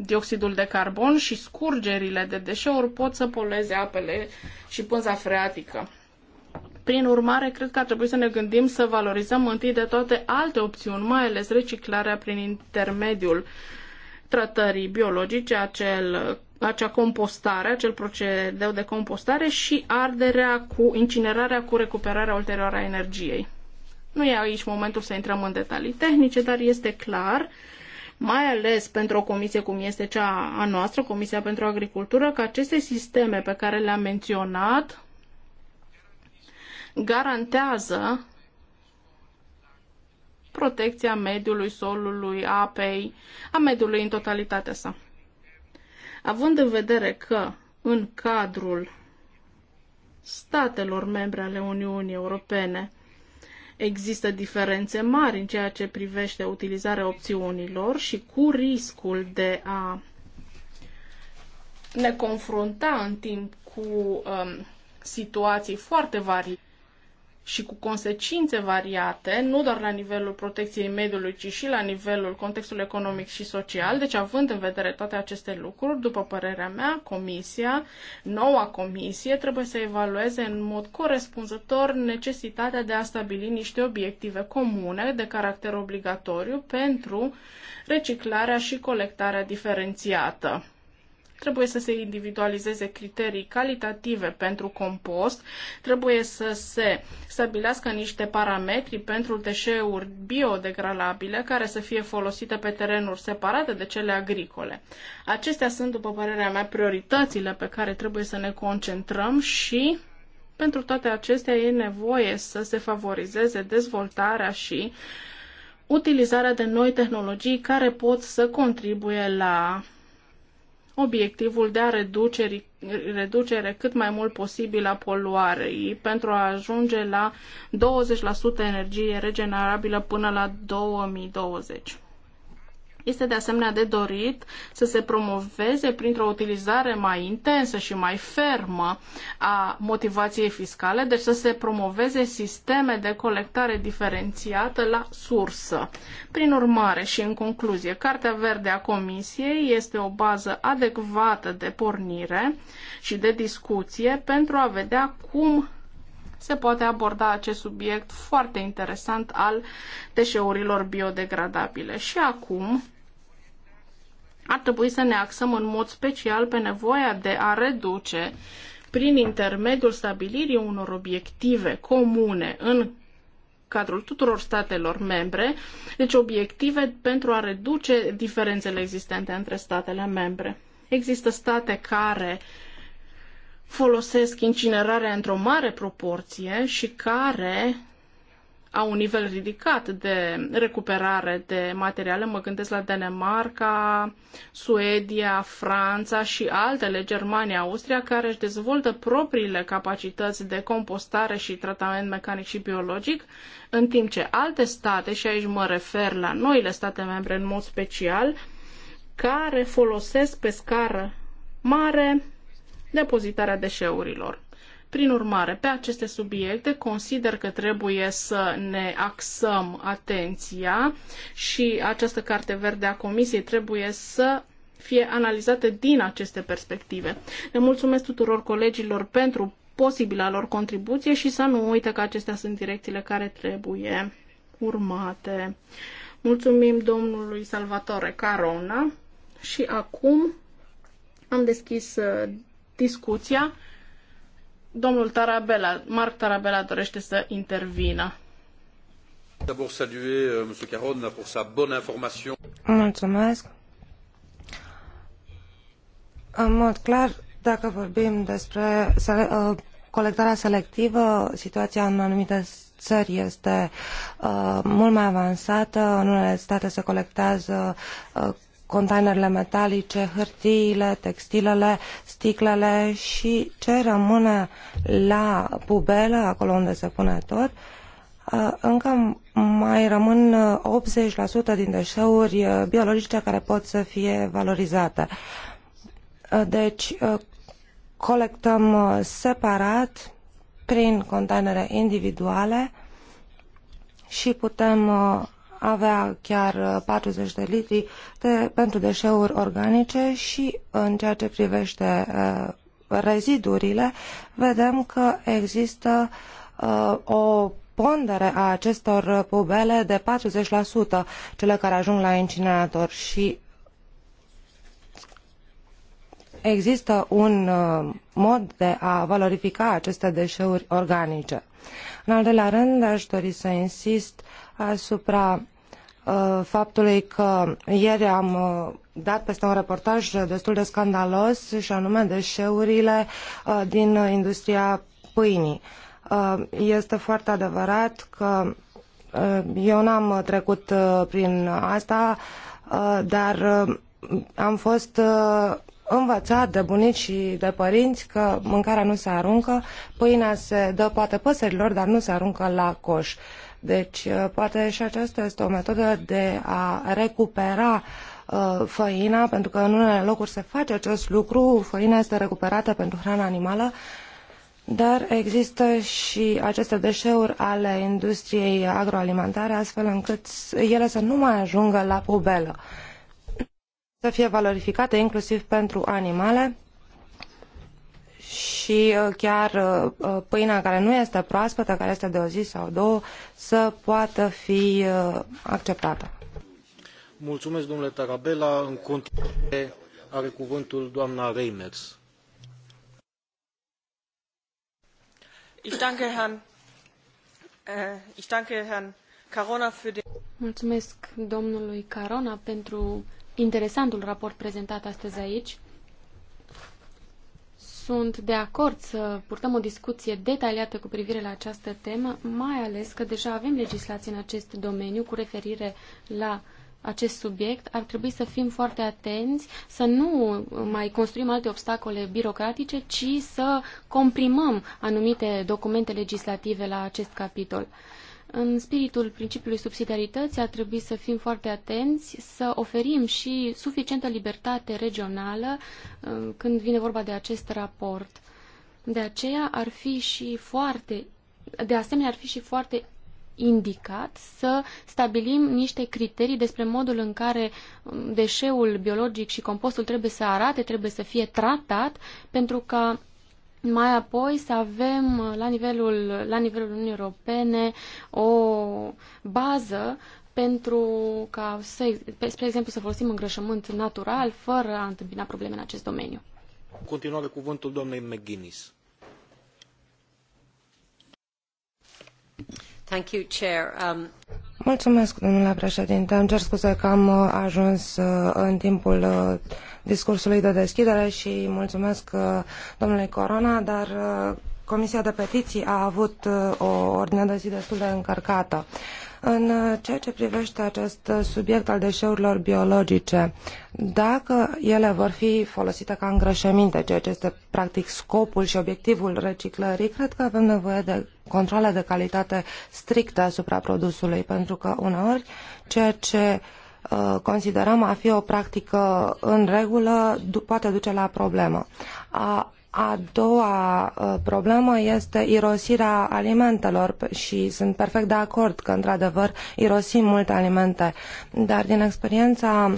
dioxidul de carbon și scurgerile de deșeuri pot să polueze apele și pânza freatică. Prin urmare, cred că ar trebui să ne gândim să valorizăm întâi de toate alte opțiuni, mai ales reciclarea prin intermediul uh, tratării biologice, acel, acea compostare, acel procedeu de compostare și arderea cu incinerarea cu recuperarea ulterioară a energiei. Nu e aici momentul să intrăm în detalii tehnice, dar este clar, mai ales pentru o comisie cum este cea a noastră, Comisia pentru Agricultură, că aceste sisteme pe care le-am menționat garantează protecția mediului, solului, apei, a mediului în totalitatea sa. Având în vedere că în cadrul statelor membre ale Uniunii Europene există diferențe mari în ceea ce privește utilizarea opțiunilor și cu riscul de a ne confrunta în timp cu um, situații foarte varii și cu consecințe variate, nu doar la nivelul protecției mediului, ci și la nivelul contextului economic și social. Deci, având în vedere toate aceste lucruri, după părerea mea, comisia, noua comisie, trebuie să evalueze în mod corespunzător necesitatea de a stabili niște obiective comune de caracter obligatoriu pentru reciclarea și colectarea diferențiată Trebuie să se individualizeze criterii calitative pentru compost, trebuie să se stabilească niște parametri pentru deșeuri biodegradabile care să fie folosite pe terenuri separate de cele agricole. Acestea sunt, după părerea mea, prioritățile pe care trebuie să ne concentrăm și pentru toate acestea e nevoie să se favorizeze dezvoltarea și utilizarea de noi tehnologii care pot să contribuie la obiectivul de a reduce, reducere cât mai mult posibil a poluarei pentru a ajunge la 20% energie regenerabilă până la 2020. Este de asemenea de dorit să se promoveze printr-o utilizare mai intensă și mai fermă a motivației fiscale, deci să se promoveze sisteme de colectare diferențiată la sursă. Prin urmare și în concluzie, Cartea Verde a Comisiei este o bază adecvată de pornire și de discuție pentru a vedea cum se poate aborda acest subiect foarte interesant al deșeurilor biodegradabile. Și acum ar trebui să ne axăm în mod special pe nevoia de a reduce prin intermediul stabilirii unor obiective comune în cadrul tuturor statelor membre, deci obiective pentru a reduce diferențele existente între statele membre. Există state care folosesc incinerarea într-o mare proporție și care au un nivel ridicat de recuperare de materiale. Mă gândesc la Danemarca, Suedia, Franța și altele, Germania, Austria, care își dezvoltă propriile capacități de compostare și tratament mecanic și biologic, în timp ce alte state, și aici mă refer la noile state membre în mod special, care folosesc pe scară mare depozitarea deșeurilor. Prin urmare, pe aceste subiecte consider că trebuie să ne axăm atenția și această carte verde a Comisiei trebuie să fie analizată din aceste perspective. Le mulțumesc tuturor colegilor pentru posibila lor contribuție și să nu uite că acestea sunt direcțiile care trebuie urmate. Mulțumim domnului Salvatore Carona și acum am deschis uh, discuția. Domnul Tarabella, Marc Tarabella dorește să intervină. D'abord saluer euh, M. Caron pour sa bonne information. Mulțumesc. În mod clar, dacă vorbim despre uh, colectarea selectivă, situația în anumite țări este uh, mult mai avansată. În unele state se colectează uh, containerele metalice, hârtiile, textilele, sticlele și ce rămâne la pubelă, acolo unde se pune tot, încă mai rămân 80% din deșeuri biologice care pot să fie valorizate. Deci colectăm separat prin containere individuale și putem avea chiar 40 uh, de litri de, pentru deșeuri organice și în ceea ce privește uh, rezidurile, vedem că există uh, o pondere a acestor pubele de 40%, cele care ajung la incinerator și există un uh, mod de a valorifica aceste deșeuri organice. În al doilea rând, aș dori să insist asupra Uh, faptului că ieri am uh, dat peste un reportaj destul de scandalos și anume deșeurile uh, din industria pâinii. Este foarte adevărat că eu n-am trecut prin asta, dar am fost învățat de bunici și de părinți că mâncarea nu se aruncă, pâinea se dă poate păsărilor, dar nu se aruncă la coș. Uh, deci, uh, poate și aceasta este o metodă de a recupera uh, făina, pentru că în unele locuri se face acest lucru, făina este recuperată pentru hrana animală, dar există și aceste deșeuri ale industriei agroalimentare, astfel încât ele să nu mai ajungă la pubelă, să fie valorificate inclusiv pentru animale și uh, chiar uh, uh, pâinea care nu este proaspătă, care este de o zi sau două, să poată fi acceptată. Mulțumesc, domnule Tarabella. În continuare are cuvântul doamna Reimers. Äh, Mulțumesc domnului Carona pentru interesantul raport prezentat astăzi aici. Sunt de acord să purtăm o discuție detaliată cu privire la această temă, mai ales că deja avem legislație în acest domeniu cu referire la acest subiect, ar trebui să fim foarte atenți, să nu mai construim alte obstacole birocratice, ci să comprimăm anumite documente legislative la acest capitol. În spiritul principiului subsidiarității ar trebui să fim foarte atenți, să oferim și suficientă libertate regională uh, când vine vorba de acest raport. De aceea ar fi și foarte, de asemenea ar fi și foarte indicat să stabilim niște criterii despre modul în care um, deșeul biologic și compostul trebuie să arate, trebuie să fie tratat, pentru ca mai apoi să avem uh, la nivelul, uh, la nivelul Uniunii Europene o bază pentru ca, să, spre exemplu, să folosim îngrășământ natural fără a întâmpina probleme în acest domeniu. În continuare, cuvântul doamnei McGuinness. Um, mulțumesc, Îmi cer scuze că am uh, ajuns uh, în timpul uh, discursului de deschidere și mulțumesc domnului Corona, dar Comisia de Petiții a avut o ordine de zi destul de încărcată. În ceea ce privește acest subiect al deșeurilor biologice, dacă ele vor fi folosite ca îngrășăminte, ceea ce este practic scopul și obiectivul reciclării, cred că avem nevoie de controle de calitate stricte asupra produsului, pentru că uneori ceea ce uh, considerăm a fi o practică în regulă poate duce la problemă. A, a doua uh, problemă este irosirea alimentelor și sunt perfect de acord că într-adevăr irosim multe alimente, dar din experiența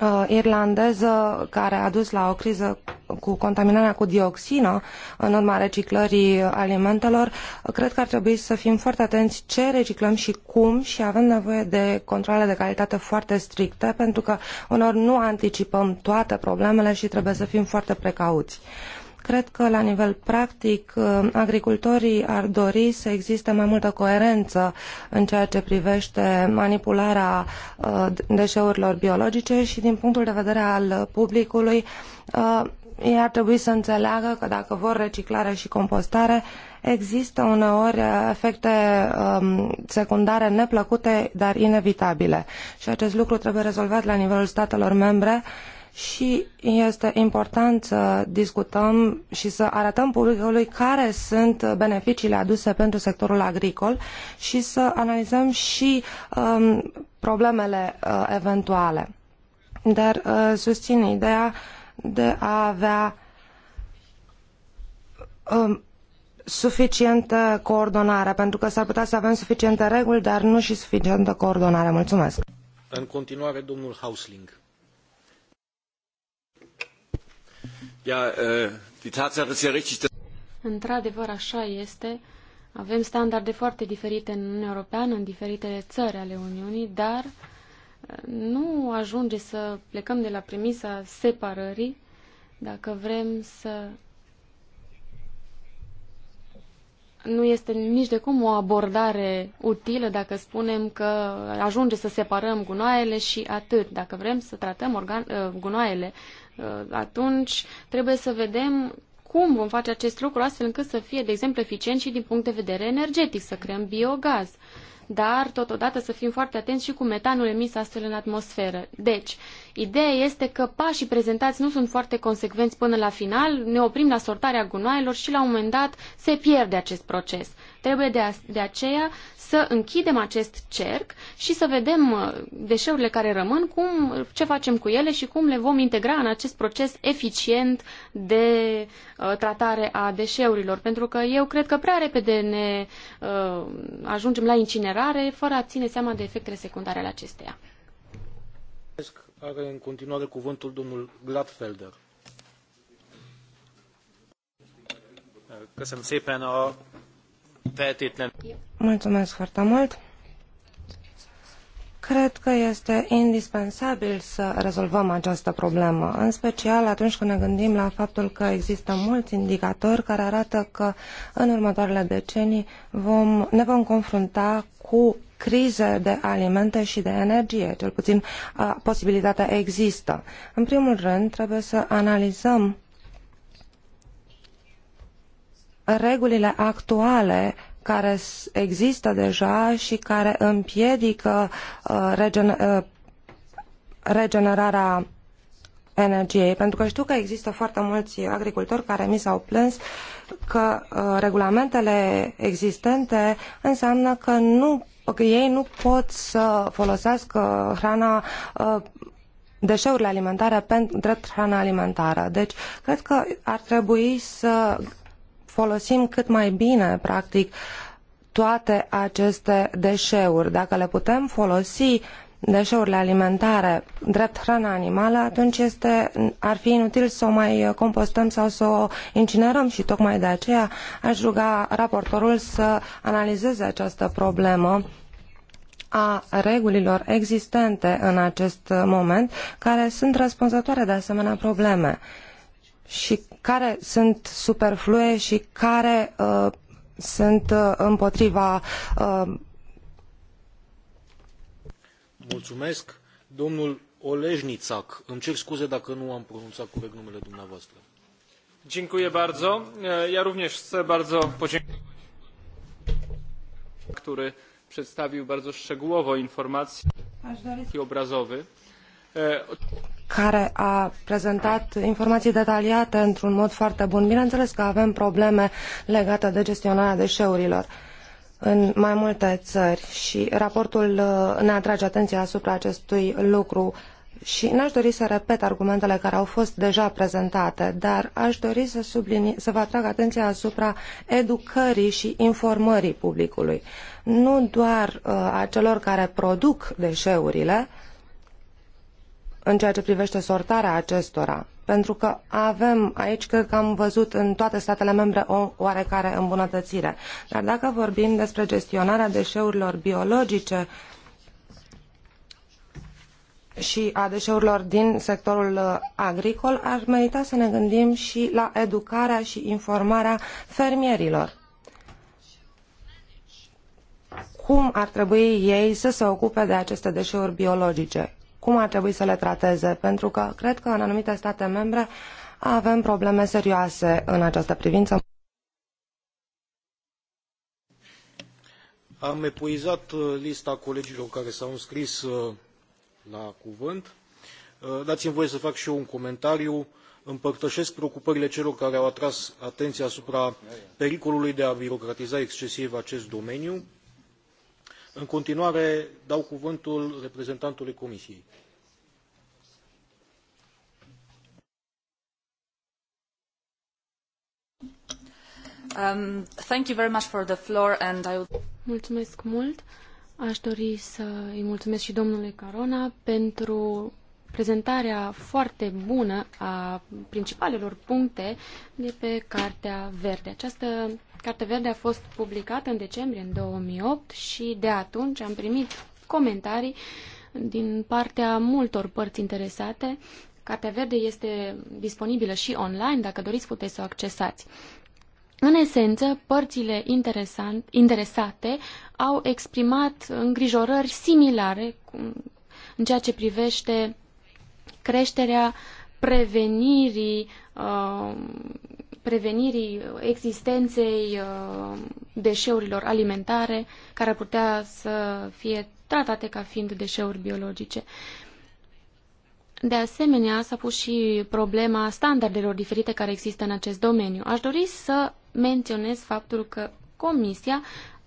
Uh, irlandeză care a dus la o criză cu contaminarea cu dioxină în urma reciclării alimentelor, cred că ar trebui să fim foarte atenți ce reciclăm și cum și avem nevoie de controle de calitate foarte stricte pentru că uneori nu anticipăm toate problemele și trebuie să fim foarte precauți. Uh, Cred că la nivel practic uh, agricultorii ar dori să existe mai multă coerență în ceea ce privește manipularea uh, deșeurilor biologice și din punctul de vedere al publicului uh, ei ar trebui să înțeleagă că dacă vor reciclare și compostare, există uneori efecte um, secundare neplăcute, dar inevitabile. Și acest lucru trebuie rezolvat la nivelul statelor membre uh, și este important să discutăm și să arătăm publicului care sunt beneficiile aduse pentru sectorul agricol și să analizăm și um, problemele uh, eventuale. Dar uh, susțin ideea de a avea um, suficientă coordonare, pentru că s-ar putea să avem suficiente reguli, dar nu și suficientă coordonare. Mulțumesc! În continuare, domnul Hausling. Äh, Într-adevăr, așa este. Avem standarde foarte diferite în Uniunea Europeană, în diferitele țări ale Uniunii, dar uh, nu ajunge să plecăm de la premisa separării dacă vrem să... Nu este nici de cum o abordare utilă dacă spunem că ajunge să separăm gunoaiele și atât. Dacă vrem să tratăm organ... Uh, gunoaiele Uh, atunci trebuie să vedem cum vom face acest lucru astfel încât să fie, de exemplu, eficient și din punct de vedere energetic, să creăm biogaz. Dar, totodată, să fim foarte atenți și cu metanul emis astfel în atmosferă. Deci, ideea este că pașii prezentați nu sunt foarte consecvenți până la final, ne oprim la sortarea gunoaielor și, la un moment dat, se pierde acest proces. Trebuie de, a, de aceea să închidem acest cerc și să vedem uh, deșeurile care rămân, cum, ce facem cu ele și cum le vom integra în acest proces eficient de uh, tratare a deșeurilor. Pentru că eu cred că prea repede ne uh, ajungem la incinerare fără a ține seama de efectele secundare ale acesteia. Are în continuare cuvântul domnul Gladfelder. Köszönöm szépen a foarte mult. Cred că este indispensabil să rezolvăm această problemă, în special atunci când ne gândim la faptul că există mulți indicatori care arată că în următoarele decenii vom, ne vom confrunta cu crize de alimente și de energie, cel puțin a, posibilitatea există. În primul rând, trebuie să analizăm regulile actuale care există deja și care împiedică uh, uh, regenerarea energiei. Pentru că știu că există foarte mulți agricultori care mi s-au plâns că uh, regulamentele existente înseamnă că nu ei nu pot să folosească hrana deșeurile alimentare pentru drept hrană alimentară. Deci, cred că ar trebui să folosim cât mai bine, practic, toate aceste deșeuri. Dacă le putem folosi, deșeurile alimentare drept hrană animală, atunci este, ar fi inutil să o mai compostăm sau să o incinerăm și tocmai de aceea aș ruga raportorul să analizeze această problemă a regulilor existente în acest moment, care sunt răspunzătoare de asemenea probleme și care sunt superflue și care uh, sunt uh, împotriva. Uh... Mulțumesc. Domnul Oleșnițac, îmi cer scuze dacă nu am pronunțat corect numele dumneavoastră. Dziękuję bardzo. Ja również chcę bardzo podziękować który przedstawił bardzo szczegółowo informacje i obrazowy care a prezentat informații detaliate într-un mod foarte bun. Bineînțeles că avem probleme legate de gestionarea deșeurilor în mai multe țări și raportul uh, ne atrage atenția asupra acestui lucru și n-aș dori să repet argumentele care au fost deja prezentate, dar aș dori să, sublini, să vă atrag atenția asupra educării și informării publicului. Nu doar uh, a celor care produc deșeurile, uh, în ceea ce privește sortarea acestora, pentru că avem aici, cred că am văzut în toate statele membre o oarecare îmbunătățire. Dar dacă vorbim despre gestionarea deșeurilor biologice și a deșeurilor din sectorul uh, agricol, ar merita să ne gândim și la educarea și informarea fermierilor cum ar trebui ei să se ocupe de aceste deșeuri biologice cum ar trebui să le trateze, pentru că cred că în anumite state membre avem probleme serioase în această privință. Am epuizat uh, lista colegilor care s-au înscris uh, la cuvânt. Uh, dați-mi voie să fac și eu un comentariu. Împărtășesc preocupările celor care au atras atenția asupra pericolului de a birocratiza excesiv acest domeniu în continuare, dau cuvântul reprezentantului Comisiei. Um, mulțumesc mult. Aș dori să îi mulțumesc și domnului Carona pentru prezentarea foarte bună a principalelor puncte de pe Cartea Verde. Această Cartea verde a fost publicată în decembrie în 2008 și de atunci am primit comentarii din partea multor părți interesate. Cartea verde este disponibilă și online, dacă doriți puteți să o accesați. În esență, părțile interesate au exprimat îngrijorări similare în ceea ce privește creșterea prevenirii uh, prevenirii existenței uh, deșeurilor alimentare care ar putea să fie tratate ca fiind deșeuri biologice. De asemenea, s-a pus și problema standardelor diferite care există în acest domeniu. Aș dori să menționez faptul că Comisia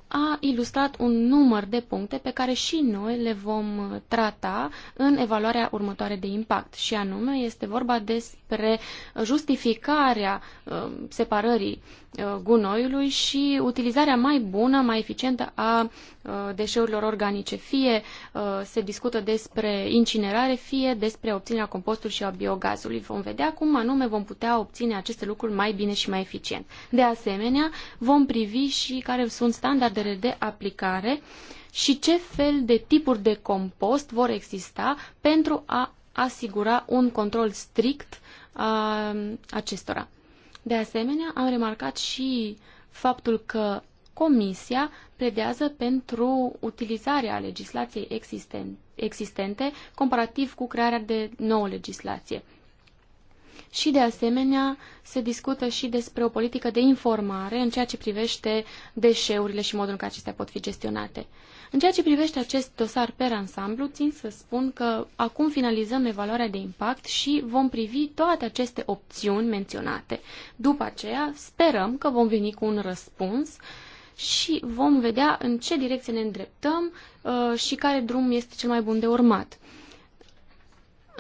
a ilustrat un număr de puncte pe care și noi le vom trata în evaluarea următoare de impact. Și anume este vorba despre justificarea um, separării uh, gunoiului și utilizarea mai bună, mai eficientă a uh, deșeurilor organice. Fie uh, se discută despre incinerare, fie despre obținerea compostului și a biogazului. Vom vedea cum anume vom putea obține aceste lucruri mai bine și mai eficient. De asemenea, vom privi și care sunt standarde vedere de aplicare și ce fel de tipuri de compost vor exista pentru a asigura un control strict a acestora. De asemenea, am remarcat și faptul că Comisia pledează pentru utilizarea legislației existente comparativ cu crearea de nouă legislație și, de asemenea, se discută și despre o politică de informare în ceea ce privește deșeurile și modul în care acestea pot fi gestionate. În ceea ce privește acest dosar per ansamblu, țin să spun că acum finalizăm evaluarea de impact și vom privi toate aceste opțiuni menționate. După aceea, sperăm că vom veni cu un răspuns și vom vedea în ce direcție ne îndreptăm uh, și care drum este cel mai bun de urmat.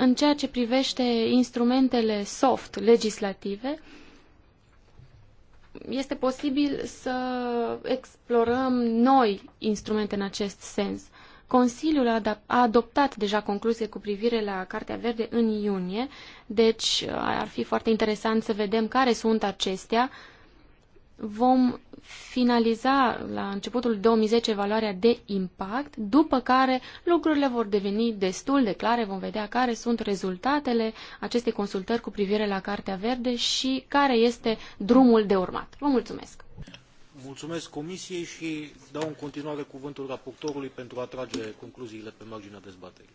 În ceea ce privește instrumentele soft legislative, este posibil să explorăm noi instrumente în acest sens. Consiliul a adoptat deja concluzie cu privire la Cartea Verde în iunie, deci uh, ar fi foarte interesant să vedem care sunt acestea, vom finaliza la începutul 2010 evaluarea de impact, după care lucrurile vor deveni destul de clare, vom vedea care sunt rezultatele acestei consultări cu privire la Cartea Verde și care este drumul de urmat. Vă mulțumesc! Mulțumesc Comisiei și dau în continuare cuvântul raportorului pentru a trage concluziile pe marginea dezbaterii.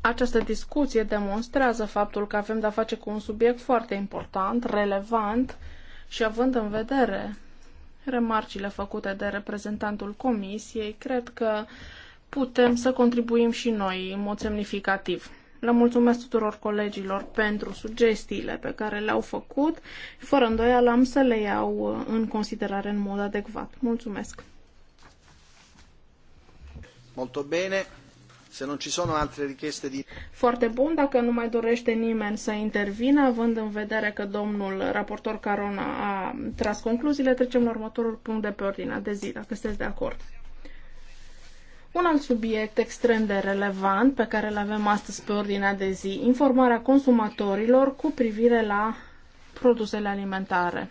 Această discuție demonstrează faptul că avem de-a face cu un subiect foarte important, relevant și având în vedere remarcile făcute de reprezentantul Comisiei, cred că putem să contribuim și noi în mod semnificativ. Le mulțumesc tuturor colegilor pentru sugestiile pe care le-au făcut. Fără îndoială am să le iau în considerare în mod adecvat. Mulțumesc! Molto bene. Se non ci sono altre richieste di... Foarte bun, dacă nu mai dorește nimeni să intervină, având în vedere că domnul raportor Carona a tras concluziile, trecem la următorul punct de pe ordinea de zi, dacă sunteți de acord. Un alt subiect extrem de relevant pe care îl avem astăzi pe ordinea de zi, informarea consumatorilor cu privire la produsele alimentare.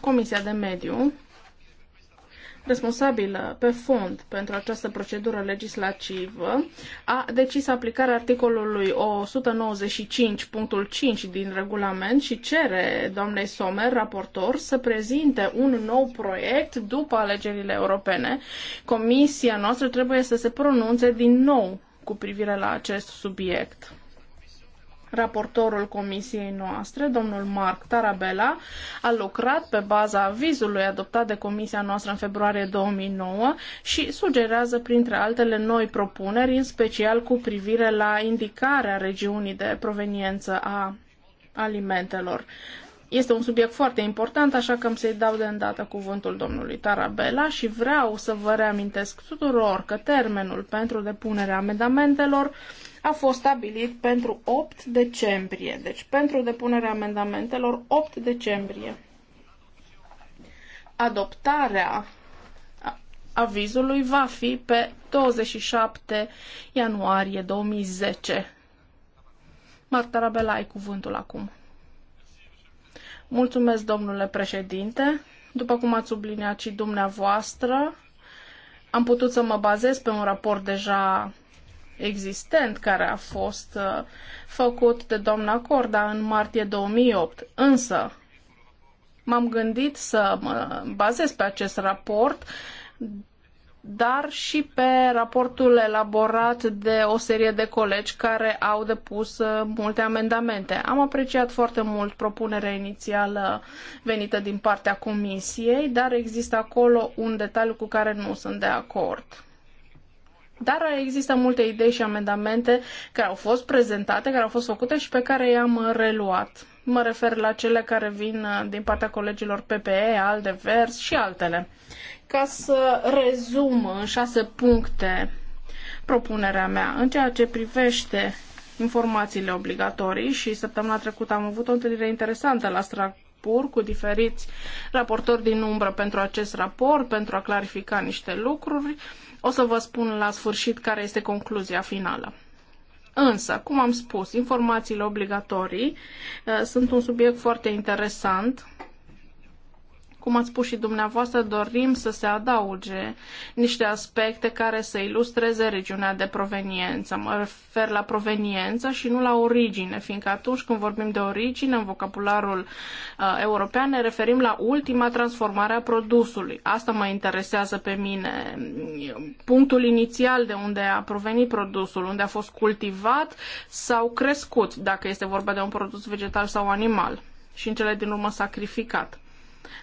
Comisia de Mediu responsabilă pe fond pentru această procedură legislativă, a decis aplicarea articolului 195.5 din regulament și cere doamnei Sommer, raportor, să prezinte un nou proiect după alegerile europene. Comisia noastră trebuie să se pronunțe din nou cu privire la acest subiect. Raportorul comisiei noastre, domnul Marc Tarabella, a lucrat pe baza avizului adoptat de comisia noastră în februarie 2009 și sugerează, printre altele, noi propuneri, în special cu privire la indicarea regiunii de proveniență a alimentelor. Este un subiect foarte important, așa că am să-i dau de îndată cuvântul domnului Tarabella și vreau să vă reamintesc tuturor că termenul pentru depunerea amendamentelor a fost stabilit pentru 8 decembrie. Deci pentru depunerea amendamentelor 8 decembrie. Adoptarea avizului va fi pe 27 ianuarie 2010. Marta Rabela, ai cuvântul acum. Mulțumesc, domnule președinte. După cum ați subliniat și dumneavoastră, am putut să mă bazez pe un raport deja existent care a fost uh, făcut de doamna Corda în martie 2008. Însă, m-am gândit să mă bazez pe acest raport dar și pe raportul elaborat de o serie de colegi care au depus uh, multe amendamente. Am apreciat foarte mult propunerea inițială venită din partea comisiei, dar există acolo un detaliu cu care nu sunt de acord. Dar există multe idei și amendamente care au fost prezentate, care au fost făcute și pe care i-am reluat. Mă refer la cele care vin uh, din partea colegilor PPE, ALDE, Vers și altele. Ca să rezum în șase puncte propunerea mea, în ceea ce privește informațiile obligatorii și săptămâna trecută am avut o întâlnire interesantă la Strasbourg cu diferiți raportori din umbră pentru acest raport, pentru a clarifica niște lucruri. O să vă spun la sfârșit care este concluzia finală. Însă, cum am spus, informațiile obligatorii uh, sunt un subiect foarte interesant cum ați spus și dumneavoastră, dorim să se adauge niște aspecte care să ilustreze regiunea de proveniență. Mă refer la proveniență și nu la origine, fiindcă atunci când vorbim de origine, în vocabularul uh, european, ne referim la ultima transformare a produsului. Asta mă interesează pe mine. Punctul inițial de unde a provenit produsul, unde a fost cultivat sau crescut, dacă este vorba de un produs vegetal sau animal și în cele din urmă sacrificat.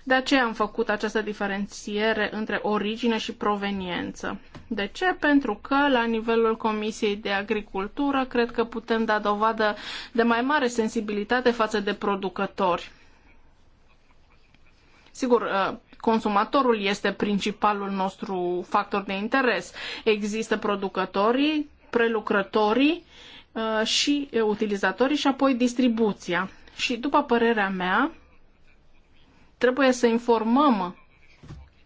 De aceea am făcut această diferențiere între origine și proveniență. De ce? Pentru că la nivelul Comisiei de Agricultură cred că putem da dovadă de mai mare sensibilitate față de producători. Sigur, uh, consumatorul este principalul nostru factor de interes. Există producătorii, prelucrătorii uh, și utilizatorii și apoi distribuția. Și după părerea mea, Trebuie să informăm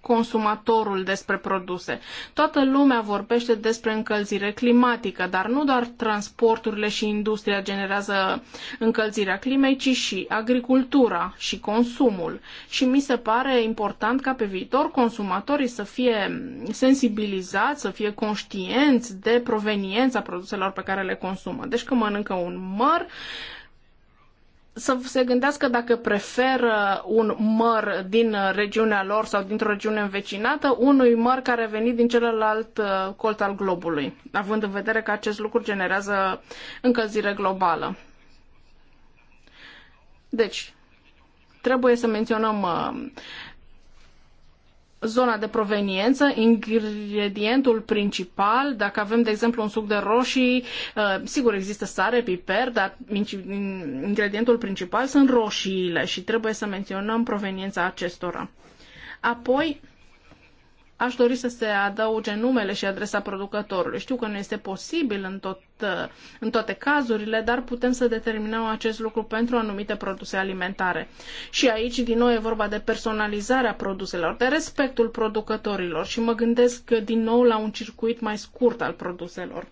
consumatorul despre produse. Toată lumea vorbește despre încălzire climatică, dar nu doar transporturile și industria generează încălzirea climei, ci și agricultura și consumul. Și mi se pare important ca pe viitor consumatorii să fie sensibilizați, să fie conștienți de proveniența produselor pe care le consumă. Deci când mănâncă un măr, să se gândească dacă preferă un măr din regiunea lor sau dintr-o regiune învecinată unui măr care a venit din celălalt uh, colț al globului, având în vedere că acest lucru generează încălzire globală. Deci, trebuie să menționăm uh, zona de proveniență, ingredientul principal, dacă avem, de exemplu, un suc de roșii, uh, sigur există sare, piper, dar ingredientul principal sunt roșiile și trebuie să menționăm proveniența acestora. Apoi, Aș dori să se adauge numele și adresa producătorului. Știu că nu este posibil în, tot, uh, în toate cazurile, dar putem să determinăm acest lucru pentru anumite produse alimentare. Și aici, din nou, e vorba de personalizarea produselor, de respectul producătorilor și mă gândesc din nou la un circuit mai scurt al produselor.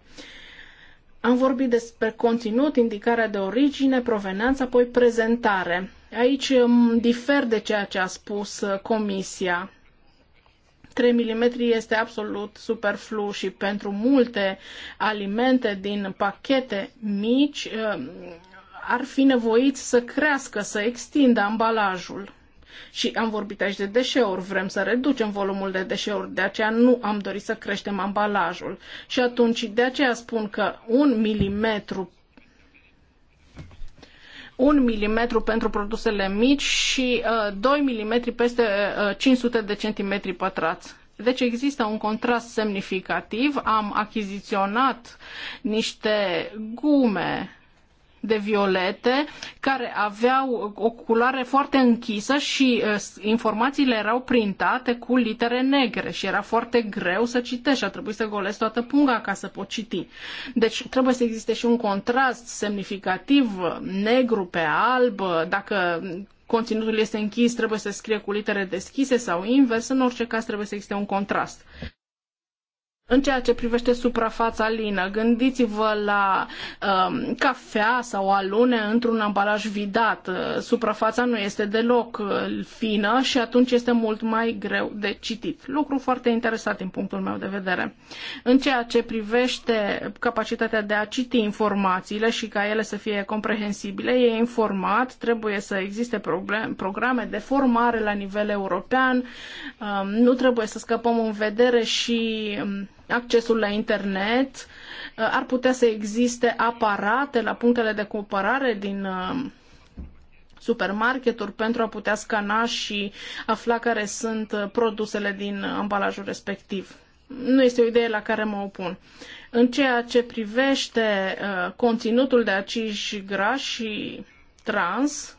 Am vorbit despre conținut, indicarea de origine, provenanță, apoi prezentare. Aici um, difer de ceea ce a spus uh, comisia 3 mm este absolut superflu și pentru multe alimente din pachete mici uh, ar fi nevoit să crească, să extindă ambalajul. Și am vorbit aici de deșeuri, vrem să reducem volumul de deșeuri, de aceea nu am dorit să creștem ambalajul. Și atunci, de aceea spun că un milimetru 1 mm pentru produsele mici și uh, 2 mm peste uh, 500 de centimetri pătrați. Deci există un contrast semnificativ. Am achiziționat niște gume de violete care aveau o culoare foarte închisă și uh, informațiile erau printate cu litere negre și era foarte greu să citești. A trebuit să golesc toată punga ca să pot citi. Deci trebuie să existe și un contrast semnificativ negru pe alb. Dacă conținutul este închis, trebuie să scrie cu litere deschise sau invers. În orice caz trebuie să existe un contrast. În ceea ce privește suprafața lină, gândiți-vă la um, cafea sau alune într-un ambalaj vidat. Uh, suprafața nu este deloc uh, fină și atunci este mult mai greu de citit. Lucru foarte interesant din punctul meu de vedere. În ceea ce privește capacitatea de a citi informațiile și ca ele să fie comprehensibile, e informat, trebuie să existe programe de formare la nivel european, um, nu trebuie să scăpăm în vedere și um, accesul la internet, uh, ar putea să existe aparate la punctele de cumpărare din uh, supermarketuri pentru a putea scana și afla care sunt uh, produsele din ambalajul respectiv. Nu este o idee la care mă opun. În ceea ce privește conținutul de aciși grași și trans,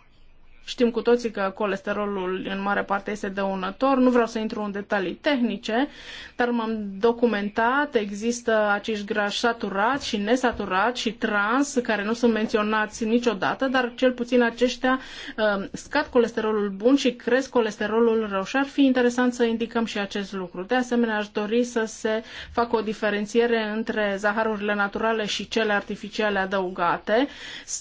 Știm cu toții că colesterolul în mare parte este dăunător. Nu vreau să intru în detalii tehnice, dar m-am documentat. Există acești grași saturați și nesaturați și trans, care nu sunt menționați niciodată, dar cel puțin aceștia uh, scad colesterolul bun și cresc colesterolul rău. Și ar fi interesant să indicăm și acest lucru. De asemenea, aș dori să se facă o diferențiere între zaharurile naturale și cele artificiale adăugate,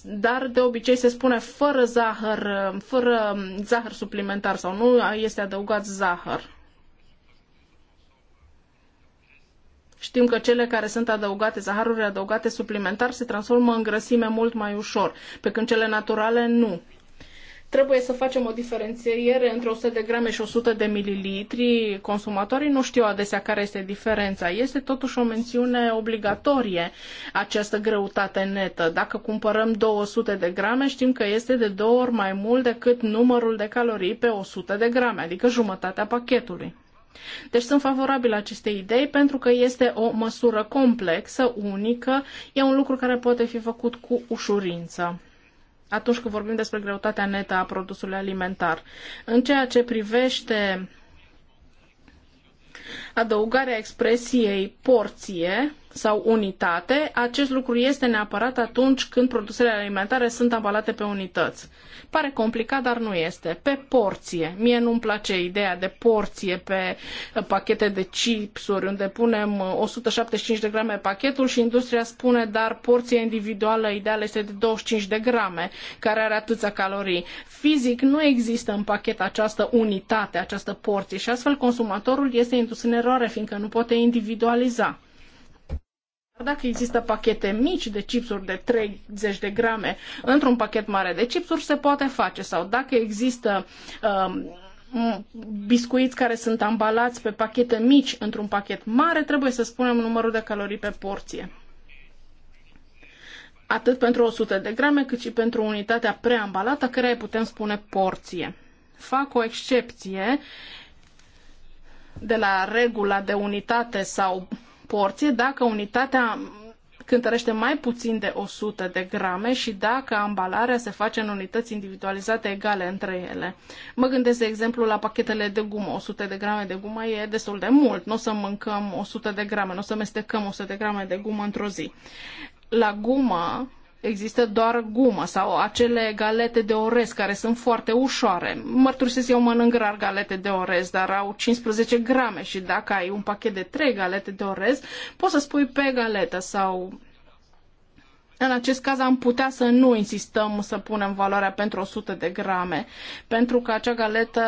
dar de obicei se spune fără zahăr fără zahăr suplimentar sau nu este adăugat zahăr. Știm că cele care sunt adăugate, zaharurile adăugate suplimentar, se transformă în grăsime mult mai ușor, pe când cele naturale nu trebuie să facem o diferențiere între 100 de grame și 100 de mililitri. Consumatorii nu știu adesea care este diferența. Este totuși o mențiune obligatorie această greutate netă. Dacă cumpărăm 200 de grame, știm că este de două ori mai mult decât numărul de calorii pe 100 de grame, adică jumătatea pachetului. Deci sunt favorabil acestei idei pentru că este o măsură complexă, unică, e un lucru care poate fi făcut cu ușurință atunci când vorbim despre greutatea netă a produsului alimentar. În ceea ce privește adăugarea expresiei porție sau unitate, acest lucru este neapărat atunci când produsele alimentare sunt ambalate pe unități. Pare complicat, dar nu este. Pe porție. Mie nu-mi place ideea de porție pe pachete de chipsuri, unde punem 175 uh, de grame pachetul și industria spune, dar porția individuală ideală este de 25 de grame, care are atâția calorii. Fizic nu există în pachet această unitate, această porție și astfel consumatorul este indus în eroare, fiindcă nu poate individualiza. Dacă există pachete mici de chipsuri de 30 de grame într-un pachet mare de chipsuri, se poate face. Sau dacă există um, biscuiți care sunt ambalați pe pachete mici într-un pachet mare, trebuie să spunem numărul de calorii pe porție. Atât pentru 100 de grame, cât și pentru unitatea preambalată, care putem spune porție. Fac o excepție de la regula de unitate sau porție dacă unitatea cântărește mai puțin de 100 de grame și dacă ambalarea se face în unități individualizate egale între ele. Mă gândesc, de exemplu, la pachetele de gumă. 100 de grame de gumă e destul de mult. Nu o să mâncăm 100 de grame, nu o să mestecăm 100 de grame de gumă într-o zi. La gumă, există doar gumă sau acele galete de orez care sunt foarte ușoare. Mărturisesc eu mănânc rar galete de orez, dar au 15 grame și dacă ai un pachet de 3 galete de orez, poți să spui pe galetă sau în acest caz am putea să nu insistăm să punem valoarea pentru 100 de grame, pentru că acea galetă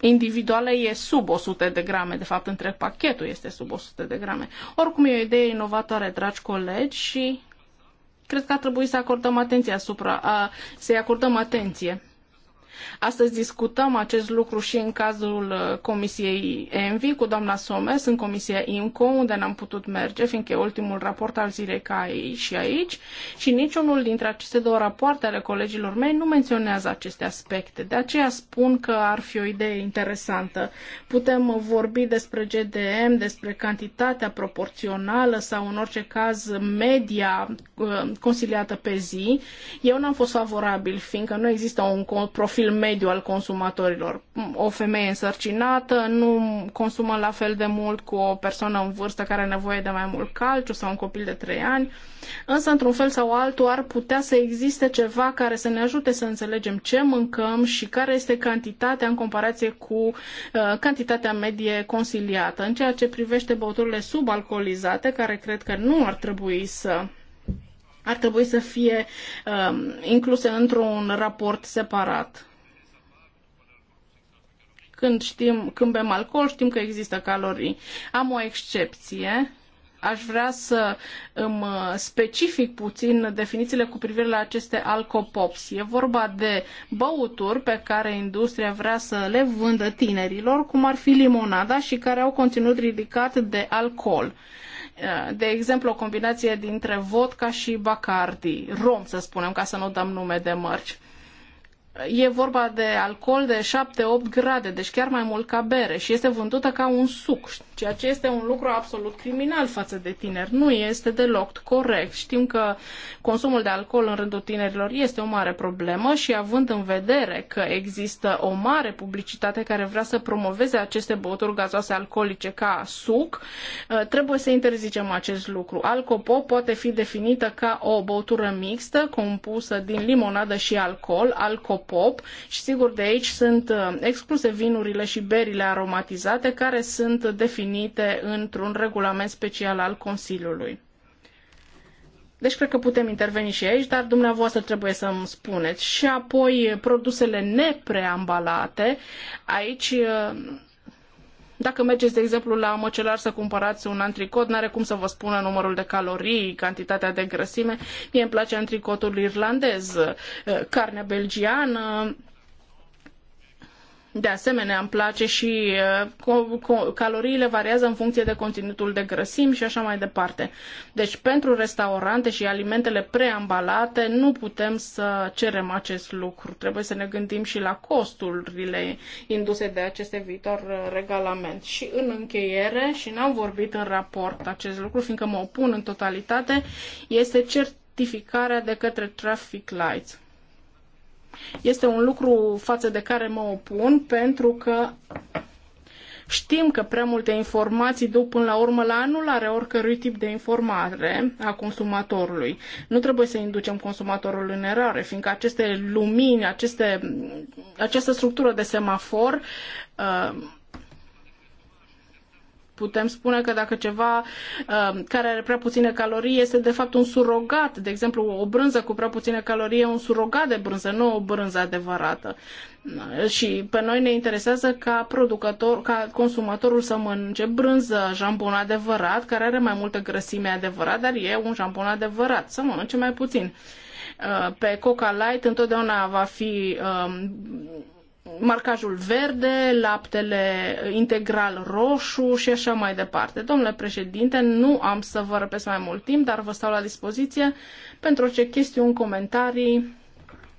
individuală e sub 100 de grame, de fapt întreg pachetul este sub 100 de grame. Oricum e o idee inovatoare, dragi colegi, și cred că ar trebui să acordăm atenție asupra, a, să-i acordăm atenție. Astăzi discutăm acest lucru și în cazul uh, Comisiei ENVI cu doamna Somes în Comisia IMCO, unde n-am putut merge, fiindcă e ultimul raport al zilei ca aici și aici și niciunul dintre aceste două rapoarte ale colegilor mei nu menționează aceste aspecte. De aceea spun că ar fi o idee interesantă. Putem vorbi despre GDM, despre cantitatea proporțională sau în orice caz media uh, conciliată pe zi. Eu n-am fost favorabil, fiindcă nu există un profil profil mediu al consumatorilor. O femeie însărcinată nu consumă la fel de mult cu o persoană în vârstă care are nevoie de mai mult calciu sau un copil de 3 ani, însă într-un fel sau altul ar putea să existe ceva care să ne ajute să înțelegem ce mâncăm și care este cantitatea în comparație cu uh, cantitatea medie consiliată. În ceea ce privește băuturile subalcoolizate, care cred că nu ar trebui să ar trebui să fie um, incluse într-un raport separat. Când știm, când bem alcool, știm că există calorii. Am o excepție, aș vrea să îmi specific puțin definițiile cu privire la aceste alcopops. E vorba de băuturi pe care industria vrea să le vândă tinerilor, cum ar fi limonada și care au conținut ridicat de alcool. De exemplu, o combinație dintre vodka și bacardi, rom să spunem, ca să nu dăm nume de mărci. E vorba de alcool de 7-8 grade, deci chiar mai mult ca bere și este vândută ca un suc, ceea ce este un lucru absolut criminal față de tineri. Nu este deloc corect. Știm că consumul de alcool în rândul tinerilor este o mare problemă și având în vedere că există o mare publicitate care vrea să promoveze aceste băuturi gazoase alcoolice ca suc, ă, trebuie să interzicem acest lucru. Alcopo poate fi definită ca o băutură mixtă compusă din limonadă și alcool. Alcopo pop și sigur de aici sunt uh, excluse vinurile și berile aromatizate care sunt definite într-un regulament special al Consiliului. Deci cred că putem interveni și aici, dar dumneavoastră trebuie să mi spuneți. Și apoi produsele nepreambalate, aici uh, dacă mergeți, de exemplu, la măcelar să cumpărați un antricot, n-are cum să vă spună numărul de calorii, cantitatea de grăsime. Mie îmi place antricotul irlandez, eh, carnea belgiană, de asemenea, îmi place și uh, caloriile variază în funcție de conținutul de grăsimi și așa mai departe. Deci, pentru restaurante și alimentele preambalate, nu putem să cerem acest lucru. Trebuie să ne gândim și la costurile induse de aceste viitor uh, regalament. Și în încheiere, și n-am vorbit în raport acest lucru, fiindcă mă opun în totalitate, este certificarea de către Traffic Lights este un lucru față de care mă opun pentru că Știm că prea multe informații duc până la urmă la anularea oricărui tip de informare a consumatorului. Nu trebuie să inducem consumatorul în eroare, fiindcă aceste lumini, aceste, această structură de semafor uh, putem spune că dacă ceva uh, care are prea puține calorii este de fapt un surogat, de exemplu o brânză cu prea puține calorii e un surogat de brânză, nu o brânză adevărată. Uh, și pe noi ne interesează ca producător, ca consumatorul să mănânce brânză, jambon adevărat, care are mai multă grăsime adevărat, dar e un jambon adevărat, să mănânce mai puțin. Uh, pe Coca Light întotdeauna va fi marcajul verde, laptele integral roșu și așa mai departe. Domnule președinte, nu am să vă răpesc mai mult timp, dar vă stau la dispoziție pentru orice chestiuni, comentarii,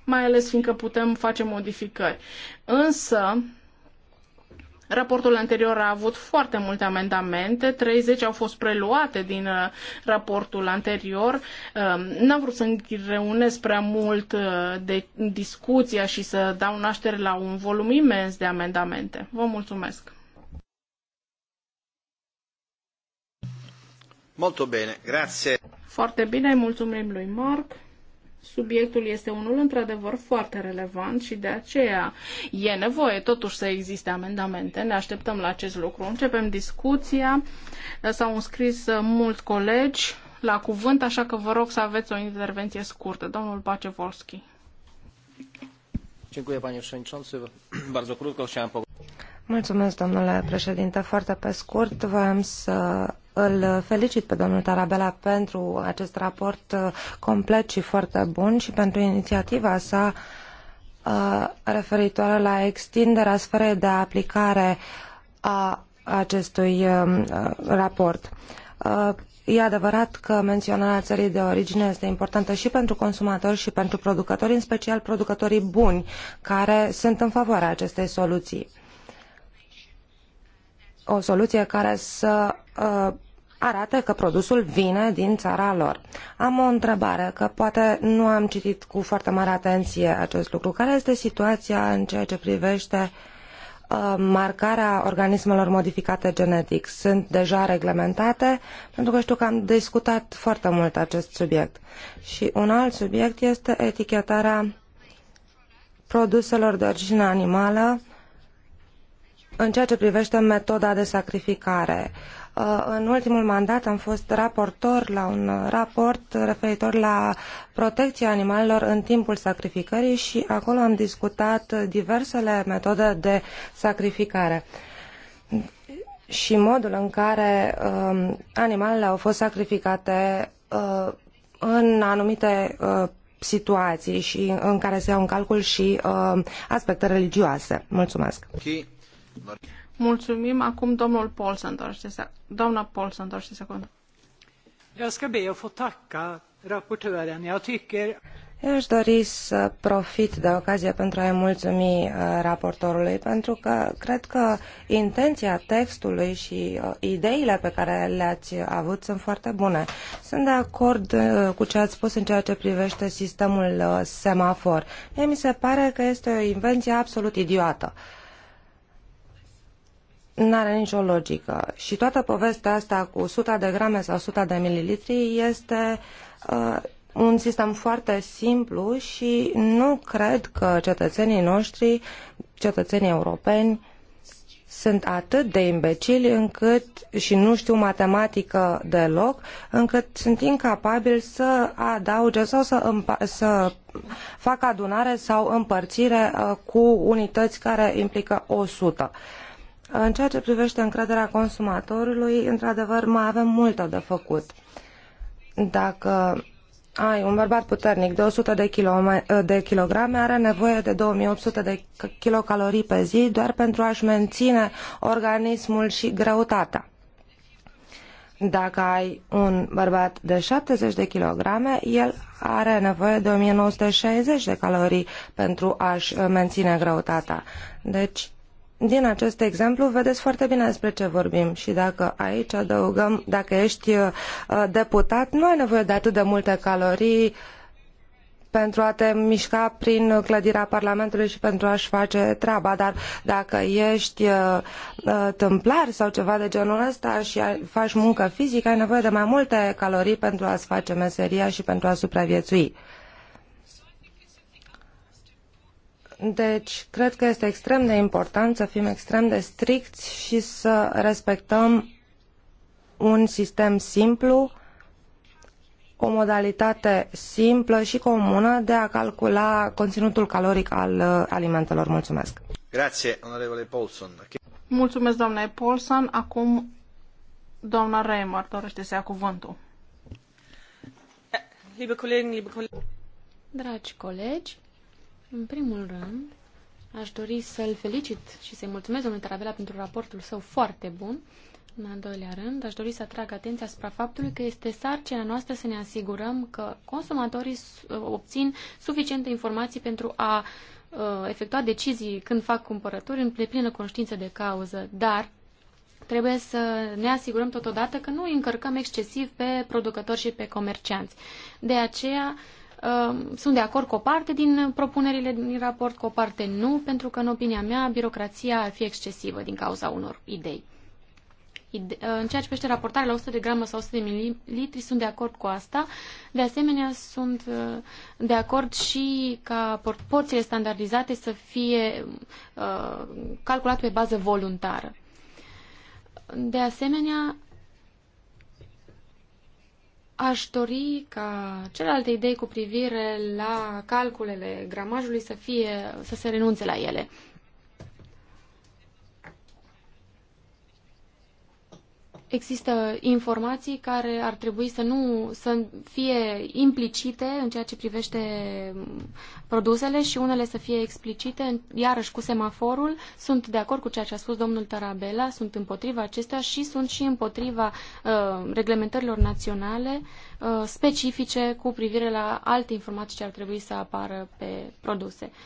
mai ales fiindcă putem face modificări. Însă, Raportul anterior a avut foarte multe amendamente, 30 au fost preluate din uh, raportul anterior. Um, n-am vrut să îngreunez prea mult uh, de discuția și să dau naștere la un volum imens de amendamente. Vă mulțumesc! Molto bene, grazie. Foarte bine, mulțumim lui Marc. Subiectul este unul într-adevăr foarte relevant și de aceea e nevoie totuși să existe amendamente. Ne așteptăm la acest lucru. Începem discuția. S-au înscris uh, mulți colegi la cuvânt, așa că vă rog să aveți o intervenție scurtă. Domnul Pacevolski. Dziękuję panie przewodniczący. Bardzo krótko chciałem Mulțumesc, domnule președinte. Foarte pe scurt, voiam să îl felicit pe domnul Tarabella pentru acest raport uh, complet și foarte bun și pentru inițiativa sa uh, referitoare la extinderea sferei de aplicare a acestui um, uh, raport. E adevărat că menționarea țării de origine este importantă și pentru consumatori și pentru producători, în special producătorii buni, care sunt în favoarea acestei soluții o soluție care să uh, arate că produsul vine din țara lor. Am o întrebare, că poate nu am citit cu foarte mare atenție acest lucru. Care este situația în ceea ce privește uh, marcarea organismelor modificate genetic? Sunt deja reglementate? Pentru că știu că am discutat foarte mult acest subiect. Și un alt subiect este etichetarea produselor de origine animală în ceea ce privește metoda de sacrificare, uh, în ultimul mandat am fost raportor la un raport referitor la protecția animalelor în timpul sacrificării și acolo am discutat diversele metode de sacrificare și modul în care uh, animalele au fost sacrificate uh, în anumite uh, situații și în care se iau în calcul și uh, aspecte religioase. Mulțumesc! Okay. Mulțumim. Acum domnul Paulsen, dorește să... Doamna Paulson dorește să Jag ska be att få tacka rapportören. Jag tycker... Eu aș dori să profit de ocazie pentru a-i mulțumi uh, raportorului, pentru că cred că intenția textului și uh, ideile pe care le-ați avut sunt foarte bune. Sunt de acord uh, cu ce ați spus în ceea ce privește sistemul semafor. Mie mi se pare că este o invenție absolut idiotă. Uh, n-are nicio logică. Și toată povestea asta cu 100 de grame sau 100 de mililitri este uh, un sistem foarte simplu și nu cred că cetățenii noștri, cetățenii europeni, sunt atât de imbecili încât și nu știu matematică deloc, încât sunt incapabili să adauge sau să, să facă adunare sau împărțire uh, cu unități care implică 100. Uh, în ceea ce privește încrederea consumatorului, într-adevăr, mai avem multă de făcut. Dacă ai un bărbat puternic de 100 de, kilo, de kilograme, are nevoie de 2800 de kilocalorii pe zi doar pentru a-și menține organismul și greutatea. Dacă ai un bărbat de 70 de kilograme, el are nevoie de 1960 de calorii pentru a-și menține greutatea. Deci, din acest exemplu vedeți foarte bine despre ce vorbim și dacă aici adăugăm, dacă ești uh, deputat, nu ai nevoie de atât de multe calorii pentru a te mișca prin clădirea Parlamentului și pentru a-și face treaba, dar dacă ești uh, uh, tâmplar sau ceva de genul ăsta și faci muncă fizică, ai nevoie de mai multe calorii pentru a-ți face meseria și pentru a supraviețui. Deci, cred că este extrem de important să fim extrem de stricți și să respectăm un sistem simplu, o modalitate simplă și comună de a calcula conținutul caloric al uh, alimentelor. Mulțumesc! Grazie, onorevole Paulson. Mulțumesc, doamne Paulson. Acum, doamna Reimer dorește să ia cuvântul. Dragi colegi, în primul rând, aș dori să-l felicit și să-i mulțumesc domnului Taravela pentru raportul său foarte bun. În al doilea rând, aș dori să atrag atenția asupra faptului că este sarcina noastră să ne asigurăm că consumatorii uh, obțin suficiente informații pentru a uh, efectua decizii când fac cumpărături în plină conștiință de cauză, dar trebuie să ne asigurăm totodată că nu încărcăm excesiv pe producători și pe comercianți. De aceea, Um, sunt de acord cu o parte din propunerile din raport, cu o parte nu, pentru că, în opinia mea, birocrația ar fi excesivă din cauza unor idei. Ide uh, în ceea ce privește raportarea la 100 de grame sau 100 de mililitri, sunt de acord cu asta. De asemenea, sunt uh, de acord și ca porțiile standardizate să fie uh, calculate pe bază voluntară. De asemenea, Aș dori ca celelalte idei cu privire la calculele gramajului să, fie, să se renunțe la ele. există informații care ar trebui să nu să fie implicite în ceea ce privește produsele și unele să fie explicite, iarăși cu semaforul. Sunt de acord cu ceea ce a spus domnul Tarabela. sunt împotriva acestea și sunt și împotriva uh, reglementărilor naționale uh, specifice cu privire la alte informații ce ar trebui să apară pe produse. Uh,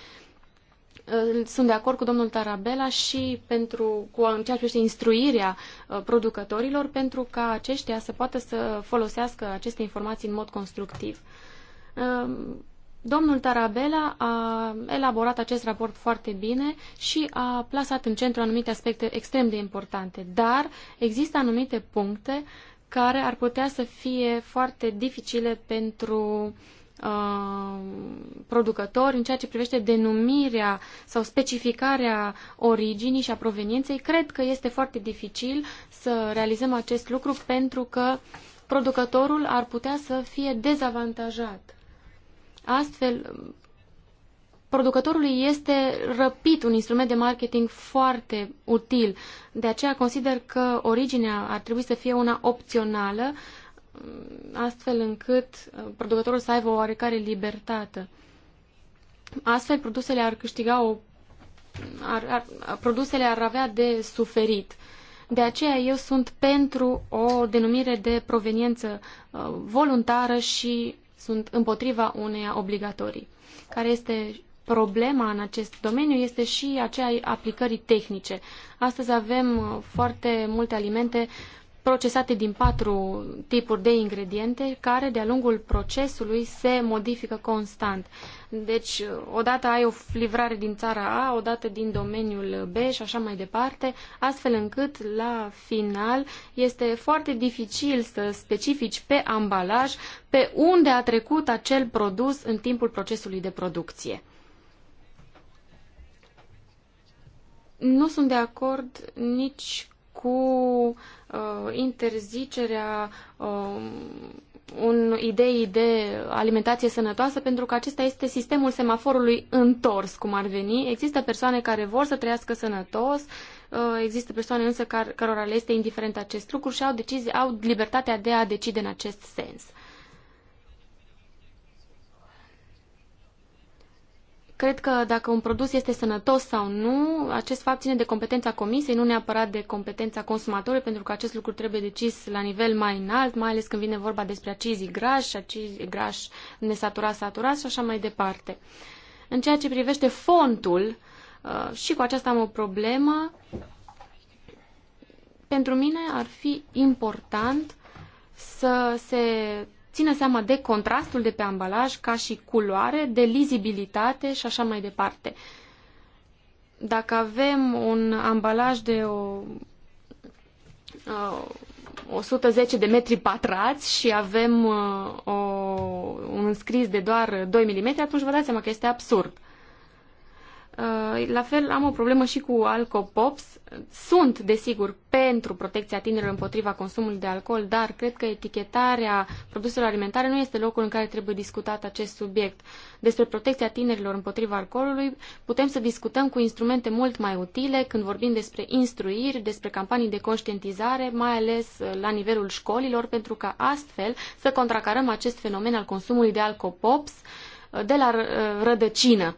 sunt de acord cu domnul Tarabella și pentru, cu în ceea ce privește instruirea uh, producătorilor pentru ca aceștia să poată să folosească aceste informații în mod constructiv. Uh, domnul Tarabella a elaborat acest raport foarte bine și a plasat în centru anumite aspecte extrem de importante, dar există anumite puncte care ar putea să fie foarte dificile pentru uh, Uh, producători în ceea ce privește denumirea sau specificarea originii și a provenienței, cred că este foarte dificil să realizăm acest lucru pentru că producătorul ar putea să fie dezavantajat. Astfel, producătorului este răpit un instrument de marketing foarte util. De aceea consider că originea ar trebui să fie una opțională astfel încât uh, producătorul să aibă o oarecare libertate. Astfel, produsele ar câștiga o... Ar, ar, produsele ar avea de suferit. De aceea eu sunt pentru o denumire de proveniență uh, voluntară și sunt împotriva uneia obligatorii. Care este problema în acest domeniu este și aceea aplicării tehnice. Astăzi avem uh, foarte multe alimente procesate din patru tipuri de ingrediente care de-a lungul procesului se modifică constant. Deci, odată ai o livrare din țara A, odată din domeniul B și așa mai departe, astfel încât la final este foarte dificil să specifici pe ambalaj pe unde a trecut acel produs în timpul procesului de producție. Nu sunt de acord nici cu uh, Uh, interzicerea uh, un idei de alimentație sănătoasă, pentru că acesta este sistemul semaforului întors, cum ar veni. Există persoane care vor să trăiască sănătos, uh, există persoane însă car, cărora le este indiferent acest lucru și au, decizi, au libertatea de a decide în acest sens. Cred că dacă un produs este sănătos sau nu, acest fapt ține de competența comisiei, nu neapărat de competența consumatorului, pentru că acest lucru trebuie decis la nivel mai înalt, mai ales când vine vorba despre acizii grași, acizii grași nesaturați, saturați și așa mai departe. În ceea ce privește fontul, uh, și cu aceasta am o problemă, pentru mine ar fi important să se ține seama de contrastul de pe ambalaj ca și culoare, de lizibilitate și așa mai departe. Dacă avem un ambalaj de o, uh, o 110 de metri pătrați și avem uh, o, un înscris de doar 2 mm, atunci vă dați seama că este absurd. Uh, Uh, la fel, am o problemă și cu alcopops. Sunt, desigur, pentru protecția tinerilor împotriva consumului de alcool, dar cred că etichetarea produselor alimentare nu este locul în care trebuie discutat acest subiect. Despre protecția tinerilor împotriva alcoolului putem să discutăm cu instrumente mult mai utile când vorbim despre instruiri, despre campanii de conștientizare, mai ales uh, la nivelul școlilor, pentru ca astfel să contracarăm acest fenomen al consumului de alcopops uh, de la rădăcină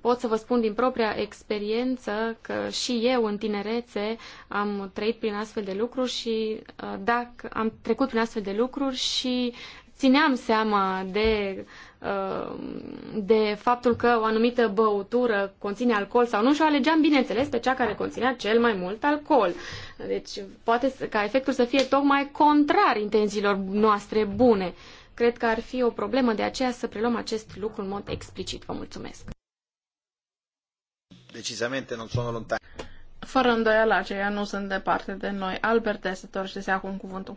pot să vă spun din propria experiență că și eu în tinerețe am trăit prin astfel de lucruri și uh, dacă am trecut prin astfel de lucruri și țineam seama de, uh, de faptul că o anumită băutură conține alcool sau nu și o alegeam, bineînțeles, pe cea care conținea cel mai mult alcool. Deci poate ca efectul să fie tocmai contrar intențiilor noastre bune. Cred că ar fi o problemă, de aceea să preluăm acest lucru în mod explicit. Vă mulțumesc decisamente non sono lontani. Fără îndoială, aceia nu sunt departe de noi. Albert se acum cuvântul.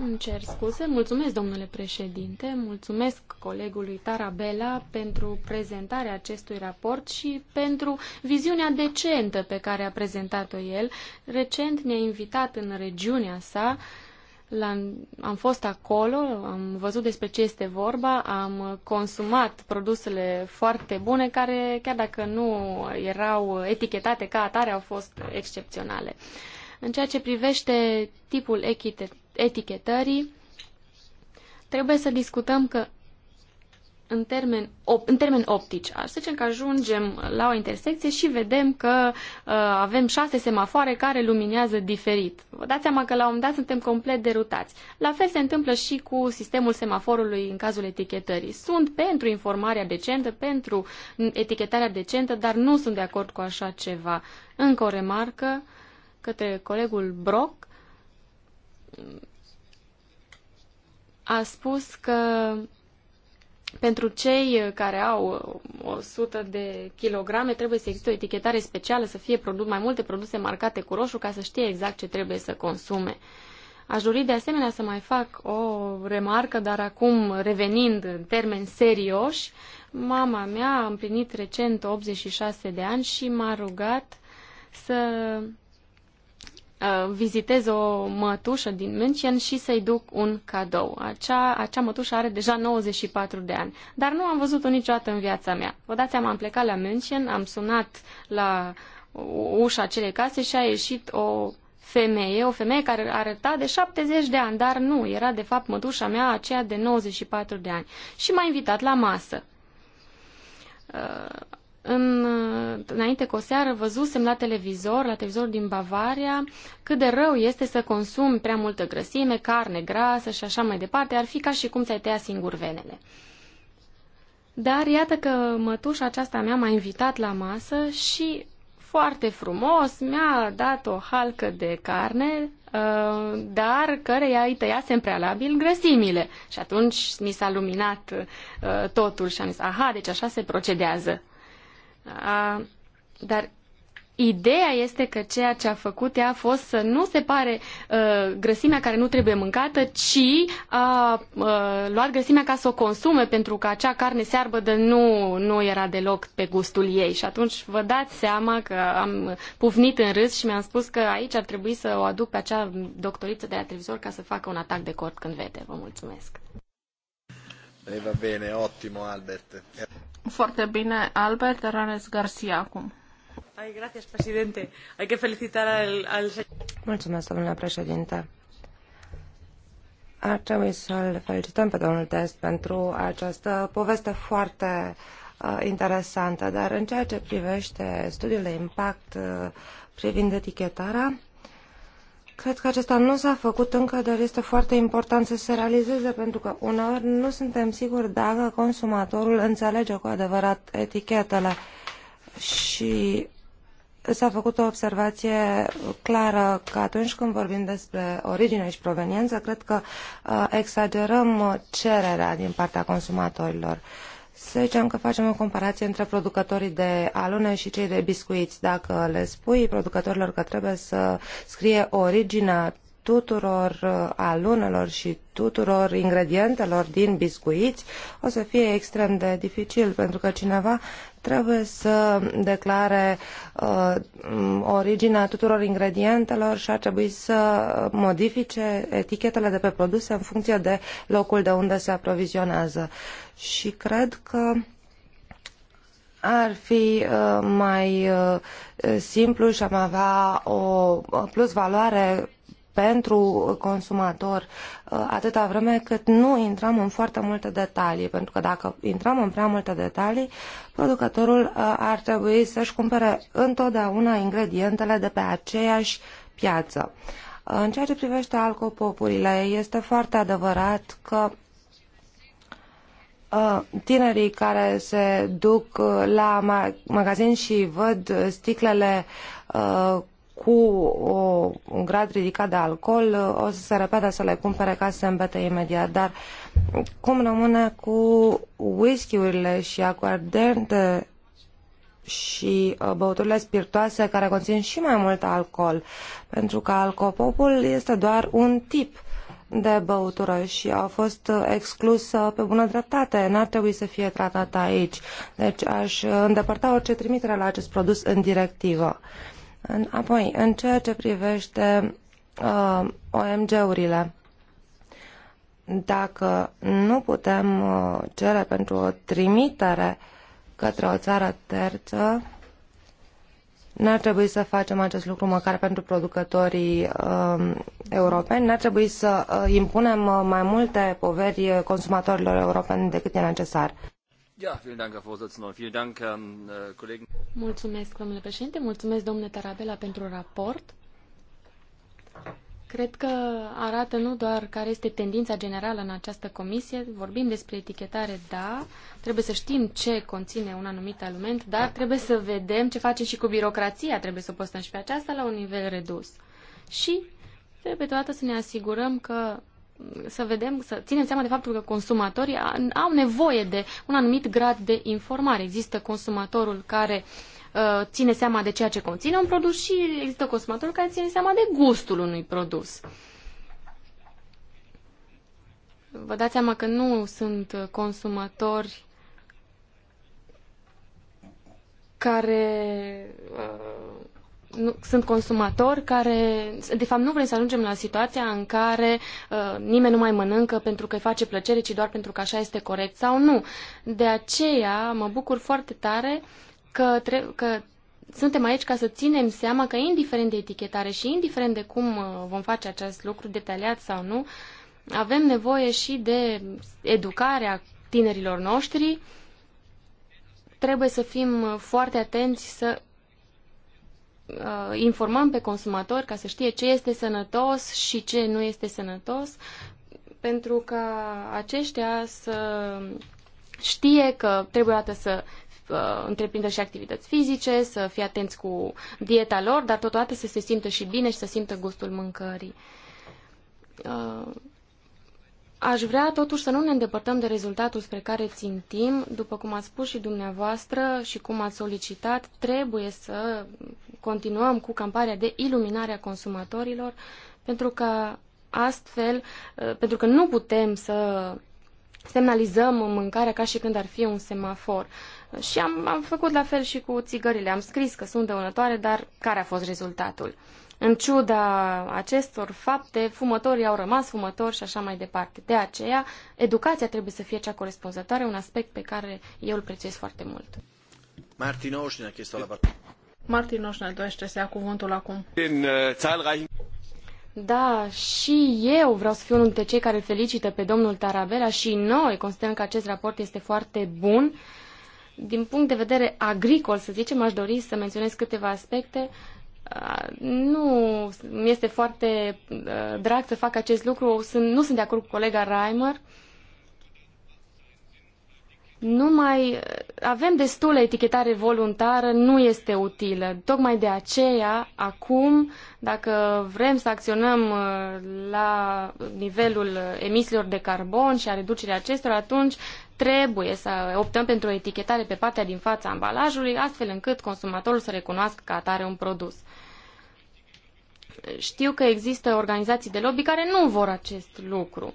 Îmi cer scuze. Mulțumesc, domnule președinte. Mulțumesc colegului Tarabella pentru prezentarea acestui raport și pentru viziunea decentă pe care a prezentat-o el. Recent ne-a invitat în regiunea sa uh, am fost acolo, am văzut despre ce este vorba, am consumat produsele foarte bune care, chiar dacă nu erau etichetate ca atare, au fost excepționale. În ceea ce privește tipul etichetării, trebuie să discutăm că în termen op, în termen optici. Să zicem că ajungem la o intersecție și vedem că uh, avem șase semafoare care luminează diferit. Vă dați seama că la un moment dat suntem complet derutați. La fel se întâmplă și cu sistemul semaforului în cazul etichetării. Sunt pentru informarea decentă, pentru etichetarea decentă, dar nu sunt de acord cu așa ceva. Încă o remarcă către colegul Brock a spus că pentru cei uh, care au 100 uh, de kilograme trebuie să existe o etichetare specială, să fie produs, mai multe produse marcate cu roșu ca să știe exact ce trebuie să consume. Aș dori de asemenea să mai fac o remarcă, dar acum revenind în termeni serioși, mama mea a împlinit recent 86 de ani și m-a rugat să Uh, vizitez o mătușă din München și să-i duc un cadou. Acea, acea mătușă are deja 94 de ani, dar nu am văzut-o niciodată în viața mea. Vă dați seama, am plecat la München, am sunat la ușa acelei case și a ieșit o femeie, o femeie care arăta de 70 de ani, dar nu, era de fapt mătușa mea aceea de 94 de ani. Și m-a invitat la masă. Uh, în, înainte cu o seară văzusem la televizor, la televizor din Bavaria, cât de rău este să consumi prea multă grăsime, carne grasă și așa mai departe. Ar fi ca și cum ți-ai tăia singur venele. Dar iată că mătușa aceasta mea m-a invitat la masă și foarte frumos mi-a dat o halcă de carne, uh, dar care îi tăiase în prealabil grăsimile. Și atunci mi s-a luminat uh, totul și am zis, aha, deci așa se procedează a, dar ideea este că ceea ce a făcut ea a fost să nu separe a, ă, grăsimea care nu trebuie mâncată, ci a a ă, luat grăsimea ca să o consume, pentru că acea carne searbădă nu, nu era deloc pe gustul ei. Și atunci vă dați seama că am pufnit în râs și mi-am spus că aici ar trebui să o aduc pe acea doctoriță de la televizor ca să facă un atac de cord când vede. Vă mulțumesc! E eh, va bene, ottimo Albert. Foarte bine, Albert Ranes Garcia acum. Ai, gracias, presidente. Hay que felicitar al, al... Mulțumesc, domnule președinte. Ar trebui să-l felicităm pe domnul Test pentru această poveste foarte uh, interesantă, dar în ceea ce privește studiul de impact uh, privind etichetarea, Cred că acesta nu s-a făcut încă, dar este foarte important să se realizeze, pentru că uneori nu suntem siguri dacă consumatorul înțelege cu adevărat etichetele. Și s-a făcut o observație clară că atunci când vorbim despre origine și proveniență, cred că uh, exagerăm cererea din partea consumatorilor. Uh, să zicem că facem o comparație între producătorii de alune și cei de biscuiți. Dacă le spui producătorilor că trebuie să scrie originea tuturor uh, alunelor și tuturor ingredientelor din biscuiți, o să fie extrem de dificil, pentru că cineva trebuie să declare uh, originea tuturor ingredientelor și ar trebui să modifice etichetele de pe produse în funcție de locul de unde se aprovizionează. Și cred că ar fi uh, mai uh, simplu și am avea o plus valoare pentru consumator uh, atâta vreme cât nu intrăm în foarte multe detalii, pentru că dacă intrăm în prea multe detalii, producătorul uh, ar trebui să-și cumpere întotdeauna ingredientele de pe aceeași piață. Uh, în ceea ce privește alcopopurile, este foarte adevărat că tinerii care se duc la magazin și văd sticlele cu o, un grad ridicat de alcool o să se repede să le cumpere ca să se îmbete imediat. Dar cum rămâne cu whisky-urile și acuardente și uh, băuturile spiritoase care conțin și mai mult alcool? Pentru că alcopopul este doar un tip de băutură și a fost uh, exclusă uh, pe bună dreptate. N-ar trebui să fie tratată aici. Deci aș îndepărta orice trimitere la acest produs în directivă. Uh, Apoi, în ceea ce privește uh, OMG-urile, dacă nu putem uh, cere pentru o trimitere către o țară terță, n-ar trebui să facem acest lucru măcar pentru producătorii uh, europeni, n-ar trebui să uh, impunem uh, mai multe poveri uh, consumatorilor europeni decât e necesar. Ähm, äh, mulțumesc, domnule președinte. Mulțumesc, domnule Tarabella, pentru raport. Cred că arată nu doar care este tendința generală în această comisie, vorbim despre etichetare, da, trebuie să știm ce conține un anumit aliment, dar trebuie să vedem ce facem și cu birocrația, trebuie să postăm și pe aceasta la un nivel redus. Și trebuie toată să ne asigurăm că să vedem, să ținem seama de faptul că consumatorii au nevoie de un anumit grad de informare. Există consumatorul care uh, ține seama de ceea ce conține un produs și există consumatorul care ține seama de gustul unui produs. Vă dați seama că nu sunt consumatori care uh, nu, sunt consumatori care, de fapt, nu vrem să ajungem la situația în care uh, nimeni nu mai mănâncă pentru că îi face plăcere, ci doar pentru că așa este corect sau nu. De aceea mă bucur foarte tare că, că suntem aici ca să ținem seama că, indiferent de etichetare și indiferent de cum uh, vom face acest lucru, detaliat sau nu, avem nevoie și de educarea tinerilor noștri. Trebuie să fim uh, foarte atenți să uh, informăm pe consumator ca să știe ce este sănătos și ce nu este sănătos, pentru ca aceștia să știe că trebuie dată să uh, întreprindă și activități fizice, să fie atenți cu dieta lor, dar totodată să se simtă și bine și să simtă gustul mâncării. Uh, Aș vrea totuși să nu ne îndepărtăm de rezultatul spre care țintim. După cum ați spus și dumneavoastră și cum ați solicitat, trebuie să continuăm cu campania de iluminare a consumatorilor pentru că astfel, eh, pentru că nu putem să semnalizăm mâncarea ca și când ar fi un semafor. Și am, am făcut la fel și cu țigările. Am scris că sunt dăunătoare, dar care a fost rezultatul? În ciuda acestor fapte, fumătorii au rămas fumători și așa mai departe. De aceea, educația trebuie să fie cea corespunzătoare, un aspect pe care eu îl prețuiesc foarte mult. Martin Oșnea, chestia la parte. Martin Oșnea dorește să ia cuvântul acum. În, uh, da, și eu vreau să fiu unul dintre cei care îl felicită pe domnul Tarabela și noi considerăm că acest raport este foarte bun. Din punct de vedere agricol, să zicem, aș dori să menționez câteva aspecte nu mi este foarte uh, drag să fac acest lucru. Sunt, nu sunt de acord cu colega Reimer. Uh, nu mai avem destulă etichetare voluntară, nu este utilă. Tocmai de aceea, acum, dacă vrem să acționăm uh, la nivelul emisiilor de carbon și a reducerii acestora, atunci trebuie să optăm pentru o etichetare pe partea din fața ambalajului, astfel încât consumatorul să recunoască ca atare un produs. Știu că există organizații de lobby care nu vor acest lucru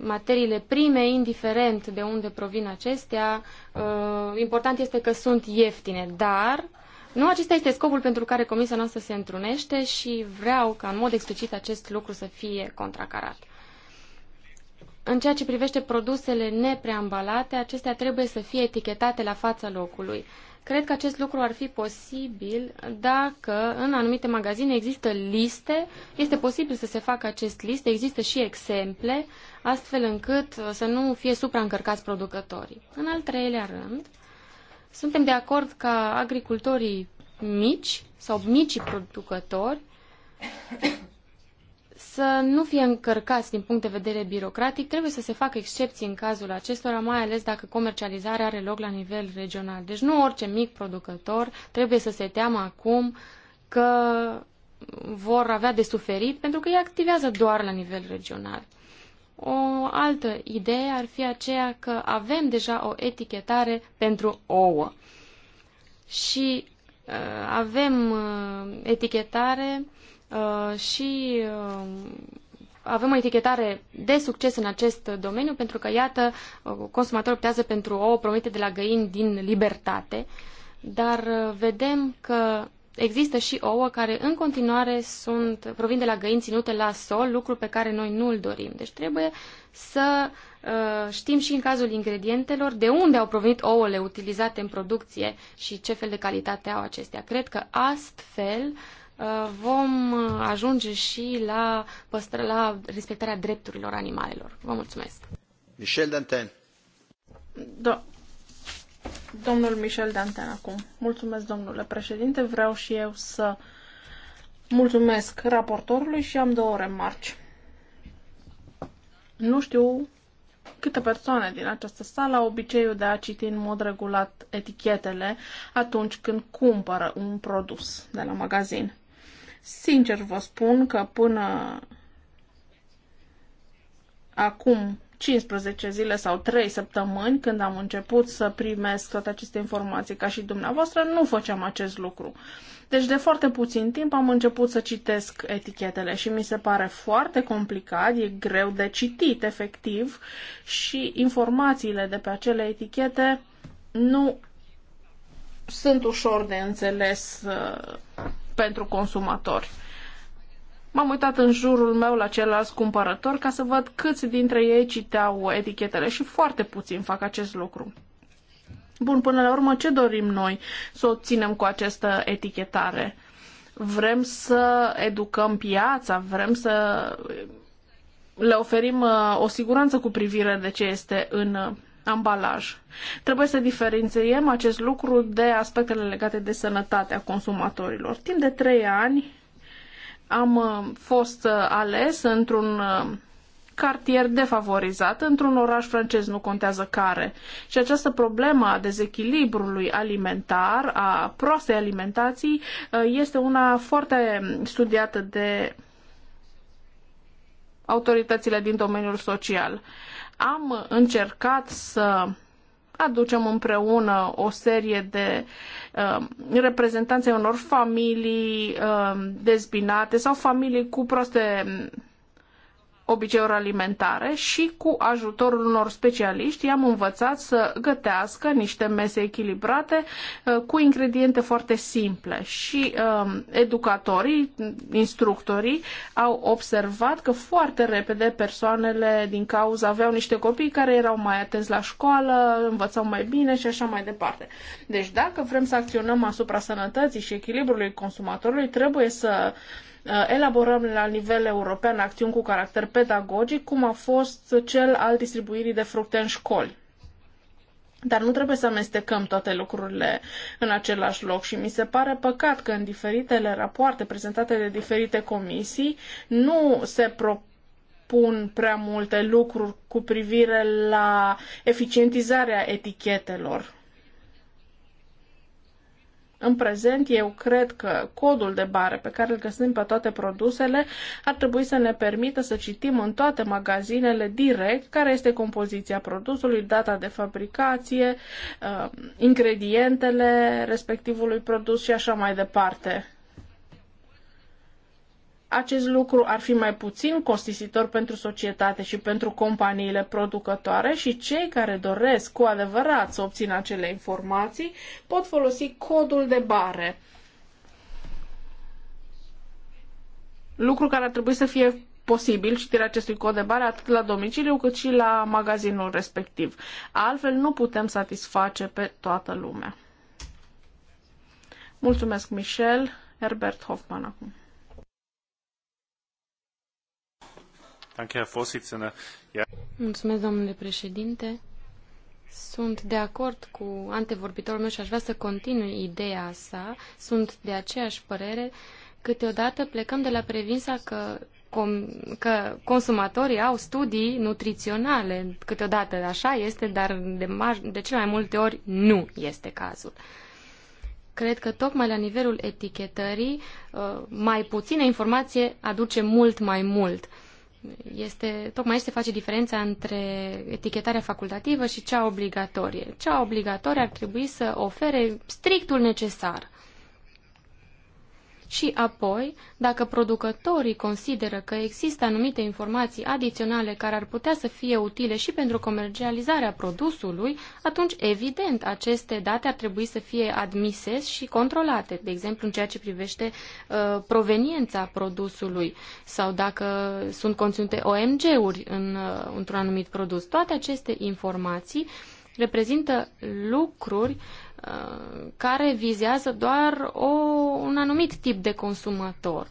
materiile prime, indiferent de unde provin acestea, uh, important este că sunt ieftine, dar nu acesta este scopul pentru care comisia noastră se întrunește și vreau ca în mod explicit acest lucru să fie contracarat. În ceea ce privește produsele nepreambalate, acestea trebuie să fie etichetate la fața locului. Cred că acest lucru ar fi posibil dacă în anumite magazine există liste, este posibil să se facă acest liste, există și exemple, astfel încât uh, să nu fie supraîncărcați producătorii. În al treilea rând, suntem de acord ca agricultorii mici sau micii producători să nu fie încărcați din punct de vedere birocratic, trebuie să se facă excepții în cazul acestora, mai ales dacă comercializarea are loc la nivel regional. Deci nu orice mic producător trebuie să se teamă acum că vor avea de suferit, pentru că ei activează doar la nivel regional. O altă idee ar fi aceea că avem deja o etichetare pentru ouă și uh, avem uh, etichetare uh, Uh, și uh, avem o etichetare de succes în acest domeniu, pentru că, iată, uh, consumatorul optează pentru ouă promite de la găini din libertate, dar vedem că există și ouă care în continuare sunt, provin de la găini ținute la sol, lucru pe care noi nu îl dorim. Deci trebuie să uh, știm și în cazul ingredientelor de unde au provenit ouăle utilizate în producție și ce fel de calitate au acestea. Cred că astfel uh, Uh, vom uh, ajunge și la, păstră, la respectarea drepturilor animalelor. Vă mulțumesc. Michel Danten. Do- Domnul Michel Danten acum. Mulțumesc, domnule președinte. Vreau și eu să mulțumesc raportorului și am două remarci. Nu știu câte persoane din această sală au obiceiul de a citi în mod regulat etichetele atunci când cumpără un produs de la magazin. Sincer vă spun că până acum 15 zile sau 3 săptămâni, când am început să primesc toate aceste informații ca și dumneavoastră, nu făceam acest lucru. Deci de foarte puțin timp am început să citesc etichetele și mi se pare foarte complicat, e greu de citit efectiv și informațiile de pe acele etichete nu sunt ușor de înțeles uh, pentru consumatori. M-am uitat în jurul meu la ceilalți cumpărători ca să văd câți dintre ei citeau etichetele și foarte puțin fac acest lucru. Bun, până la urmă, ce dorim noi să obținem cu această etichetare? Vrem să educăm piața, vrem să le oferim uh, o siguranță cu privire de ce este în uh, ambalaj. Trebuie să diferențiem acest lucru de aspectele legate de sănătatea consumatorilor. Timp de trei ani am uh, fost uh, ales într-un uh, cartier defavorizat, într-un oraș francez, nu contează care. Și această problemă a dezechilibrului alimentar, a proastei alimentații, este una foarte studiată de autoritățile din domeniul social. Am încercat să aducem împreună o serie de uh, reprezentanțe unor familii uh, dezbinate sau familii cu proaste obiceiuri alimentare și cu ajutorul unor specialiști i-am învățat să gătească niște mese echilibrate uh, cu ingrediente foarte simple și um, educatorii, instructorii au observat că foarte repede persoanele din cauza aveau niște copii care erau mai atenți la școală, învățau mai bine și așa mai departe. Deci dacă vrem să acționăm asupra sănătății și echilibrului consumatorului, trebuie să uh, Uh, elaborăm la nivel european acțiuni cu caracter pedagogic, cum a fost cel al distribuirii de fructe în școli. Dar nu trebuie să amestecăm toate lucrurile în același loc și mi se pare păcat că în diferitele rapoarte prezentate de diferite comisii nu se propune pun prea multe lucruri cu privire la eficientizarea etichetelor. În prezent, eu cred că codul de bare pe care îl găsim pe toate produsele ar trebui să ne permită să citim în toate magazinele direct care este compoziția produsului, data de fabricație, uh, ingredientele respectivului produs și așa mai departe acest lucru ar fi mai puțin costisitor pentru societate și pentru companiile producătoare și cei care doresc cu adevărat să obțină acele informații pot folosi codul de bare. Lucru care ar trebui să fie posibil citirea acestui cod de bare atât la domiciliu cât și la magazinul respectiv. Altfel nu putem satisface pe toată lumea. Mulțumesc, Michel. Herbert Hoffman acum. Mulțumesc, domnule președinte. Sunt de acord cu antevorbitorul meu și aș vrea să continui ideea sa. Sunt de aceeași părere. Câteodată plecăm de la prevința că, com- că consumatorii au studii nutriționale. Câteodată așa este, dar de, de cele mai multe ori nu este cazul. Cred că tocmai la nivelul etichetării uh, mai puțină informație aduce mult mai mult este, tocmai este face diferența între etichetarea facultativă și cea obligatorie. Cea obligatorie ar trebui să ofere strictul necesar. Și apoi, dacă producătorii consideră că există anumite informații adiționale care ar putea să fie utile și pentru comercializarea produsului, atunci, evident, aceste date ar trebui să fie admise și controlate, de exemplu, în ceea ce privește uh, proveniența produsului sau dacă sunt conținute OMG-uri în, uh, într-un anumit produs. Toate aceste informații reprezintă lucruri uh, Uh, care vizează doar o, un anumit tip de consumator.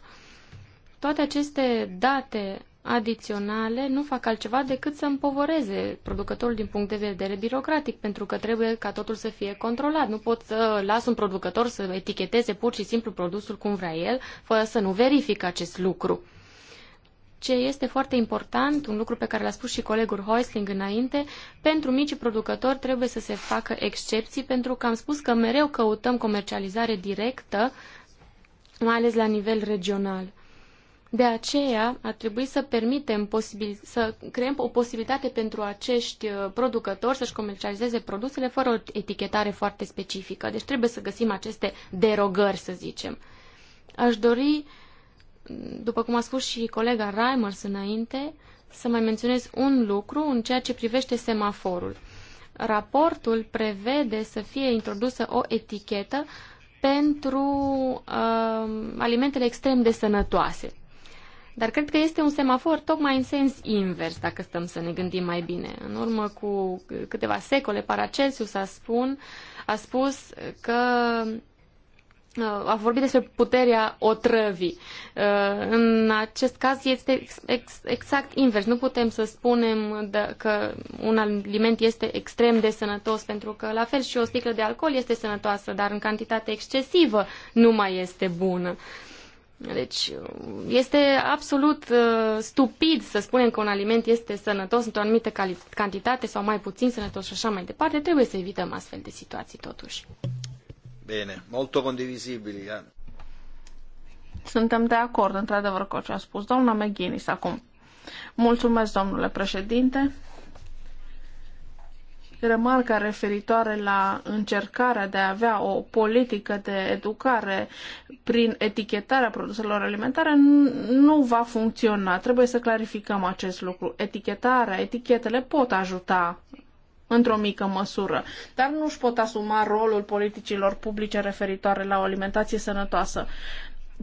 Toate aceste date adiționale nu fac altceva decât să împovoreze producătorul din punct de vedere birocratic, pentru că trebuie ca totul să fie controlat. Nu pot să las un producător să eticheteze pur și simplu produsul cum vrea el, fără să nu verific acest lucru ce este foarte important, un lucru pe care l-a spus și colegul Hoisling înainte, pentru micii producători trebuie să se facă excepții, pentru că am spus că mereu căutăm comercializare directă, mai ales la nivel regional. De aceea ar trebui să permitem posibil, să creăm o posibilitate pentru acești uh, producători să-și comercializeze produsele fără o etichetare foarte specifică. Deci trebuie să găsim aceste derogări, să zicem. Aș dori uh, după cum a spus și colega Reimers înainte, să mai menționez un lucru în ceea ce privește semaforul. Raportul prevede să fie introdusă o etichetă pentru uh, alimentele extrem de sănătoase. Dar cred că este un semafor tocmai în sens invers, dacă stăm să ne gândim mai bine. În urmă cu câteva secole, Paracelsus a, spun, a spus că Uh, a vorbit despre puterea otrăvii. Uh, în acest caz este exact invers. Nu putem să spunem că un aliment este extrem de sănătos, pentru că la fel și o sticlă de alcool este sănătoasă, dar în cantitate excesivă nu mai este bună. Deci uh, este absolut uh, stupid să spunem că un aliment este sănătos într-o anumită cantitate sau mai puțin sănătos și așa mai departe. Trebuie să evităm astfel de situații totuși. Bine, molto condivisibili. Da. Suntem de acord, într-adevăr, cu ce a spus doamna McGuinness acum. Mulțumesc, domnule președinte. Remarca referitoare la încercarea de a avea o politică de educare prin etichetarea produselor alimentare nu va funcționa. Trebuie să clarificăm acest lucru. Etichetarea, etichetele pot ajuta într-o mică măsură, dar nu își pot asuma rolul politicilor publice referitoare la o alimentație sănătoasă.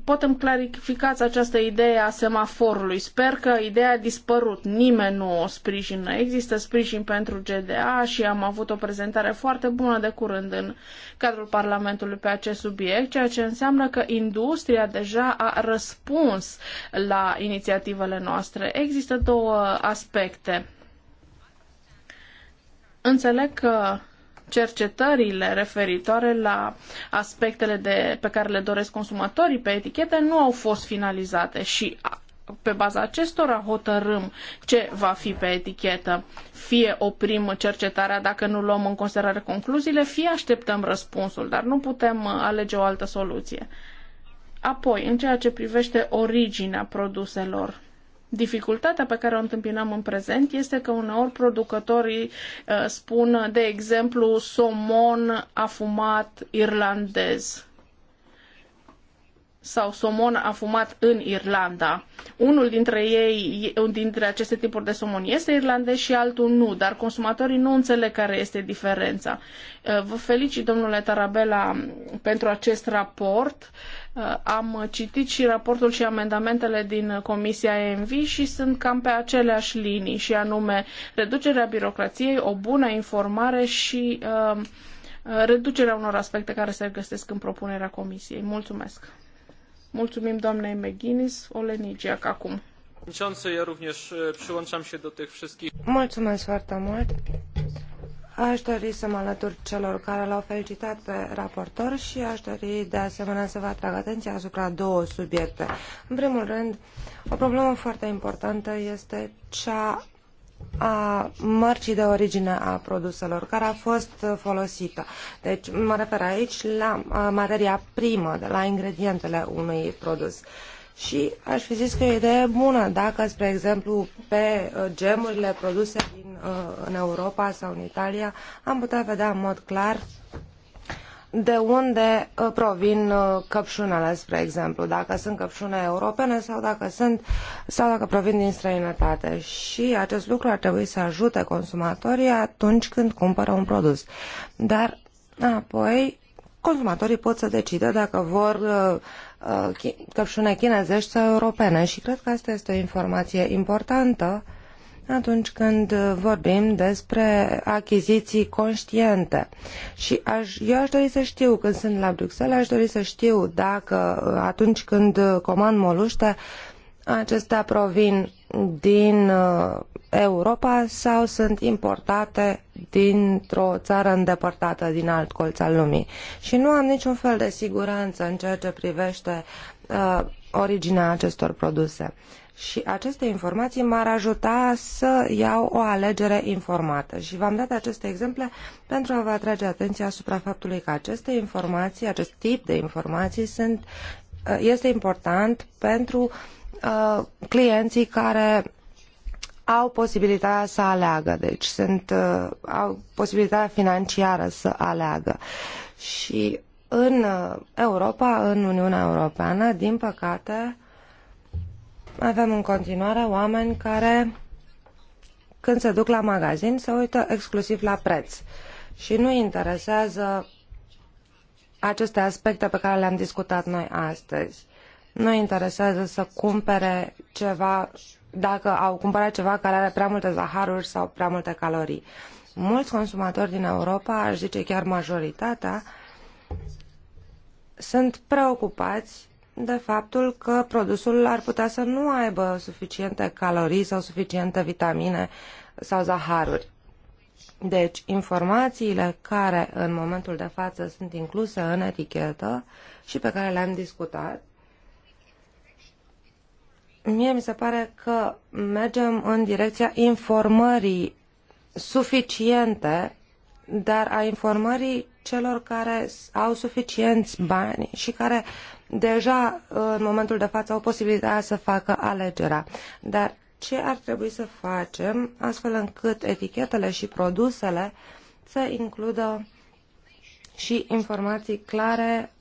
Potem clarificați această idee a semaforului. Sper că ideea a dispărut, nimeni nu o sprijină. Există sprijin pentru GDA și am avut o prezentare foarte bună de curând în cadrul Parlamentului pe acest subiect, ceea ce înseamnă că industria deja a răspuns la inițiativele noastre. Există două aspecte Înțeleg că cercetările referitoare la aspectele de, pe care le doresc consumatorii pe etichete nu au fost finalizate și pe baza acestora hotărâm ce va fi pe etichetă. Fie oprim cercetarea dacă nu luăm în considerare concluziile, fie așteptăm răspunsul, dar nu putem uh, alege o altă soluție. Apoi, în ceea ce privește originea produselor, Dificultatea pe care o întâmpinăm în prezent este că uneori producătorii uh, spun, de exemplu, somon afumat irlandez sau somon afumat în Irlanda. Unul dintre ei, un dintre aceste tipuri de somon este irlandez și altul nu, dar consumatorii nu înțeleg care este diferența. Uh, vă felicit, domnule Tarabella, pentru acest raport. Uh, am citit și raportul și amendamentele din Comisia ENVI și sunt cam pe aceleași linii, și anume reducerea birocrației, o bună informare și uh, uh reducerea unor aspecte care se găsesc în propunerea Comisiei. Mulțumesc! Mulțumim doamnei McGuinness, Olenigiac acum. Mulțumesc foarte mult. Aș dori să mă alătur celor care l-au felicitat pe raportor și aș dori de asemenea să vă atrag atenția asupra două subiecte. În primul rând, o problemă foarte importantă este cea a mărcii de origine a produselor care a fost folosită. Deci mă refer aici la materia primă, de la ingredientele unui produs. Și aș fi zis că e o idee bună dacă, spre exemplu, pe gemurile produse din, în Europa sau în Italia am putea vedea în mod clar de unde uh, provin uh, căpșunele, spre exemplu, dacă sunt căpșune europene sau dacă, sunt, sau dacă provin din străinătate. Și acest lucru ar trebui să ajute consumatorii atunci când cumpără un produs. Dar apoi consumatorii pot să decide dacă vor uh, căpșune chinezești sau europene și cred că asta este o informație importantă atunci când vorbim despre achiziții conștiente. Și aș, eu aș dori să știu, când sunt la Bruxelles, aș dori să știu dacă atunci când comand moluște, acestea provin din uh, Europa sau sunt importate dintr-o țară îndepărtată din alt colț al lumii. Și nu am niciun fel de siguranță în ceea ce privește uh, originea acestor produse și aceste informații m-ar ajuta să iau o alegere informată. Și v-am dat aceste exemple pentru a vă atrage atenția asupra faptului că aceste informații, acest tip de informații sunt, uh, este important pentru uh, clienții care au posibilitatea să aleagă, deci sunt, uh, au posibilitatea financiară să aleagă. Și în Europa, în Uniunea Europeană, din păcate, avem în continuare oameni care, când se duc la magazin, se uită exclusiv la preț și nu interesează aceste aspecte pe care le-am discutat noi astăzi. Nu interesează să cumpere ceva dacă au cumpărat ceva care are prea multe zaharuri sau prea multe calorii. Mulți consumatori din Europa, aș zice chiar majoritatea, sunt preocupați de faptul că produsul ar putea să nu aibă suficiente calorii sau suficiente vitamine sau zaharuri. Deci, informațiile care în momentul de față sunt incluse în etichetă și pe care le-am discutat, mie mi se pare că mergem în direcția informării suficiente dar a informării celor care au suficienți bani și care deja în momentul de față au posibilitatea să facă alegerea. Dar ce ar trebui să facem astfel încât etichetele și produsele să includă și informații clare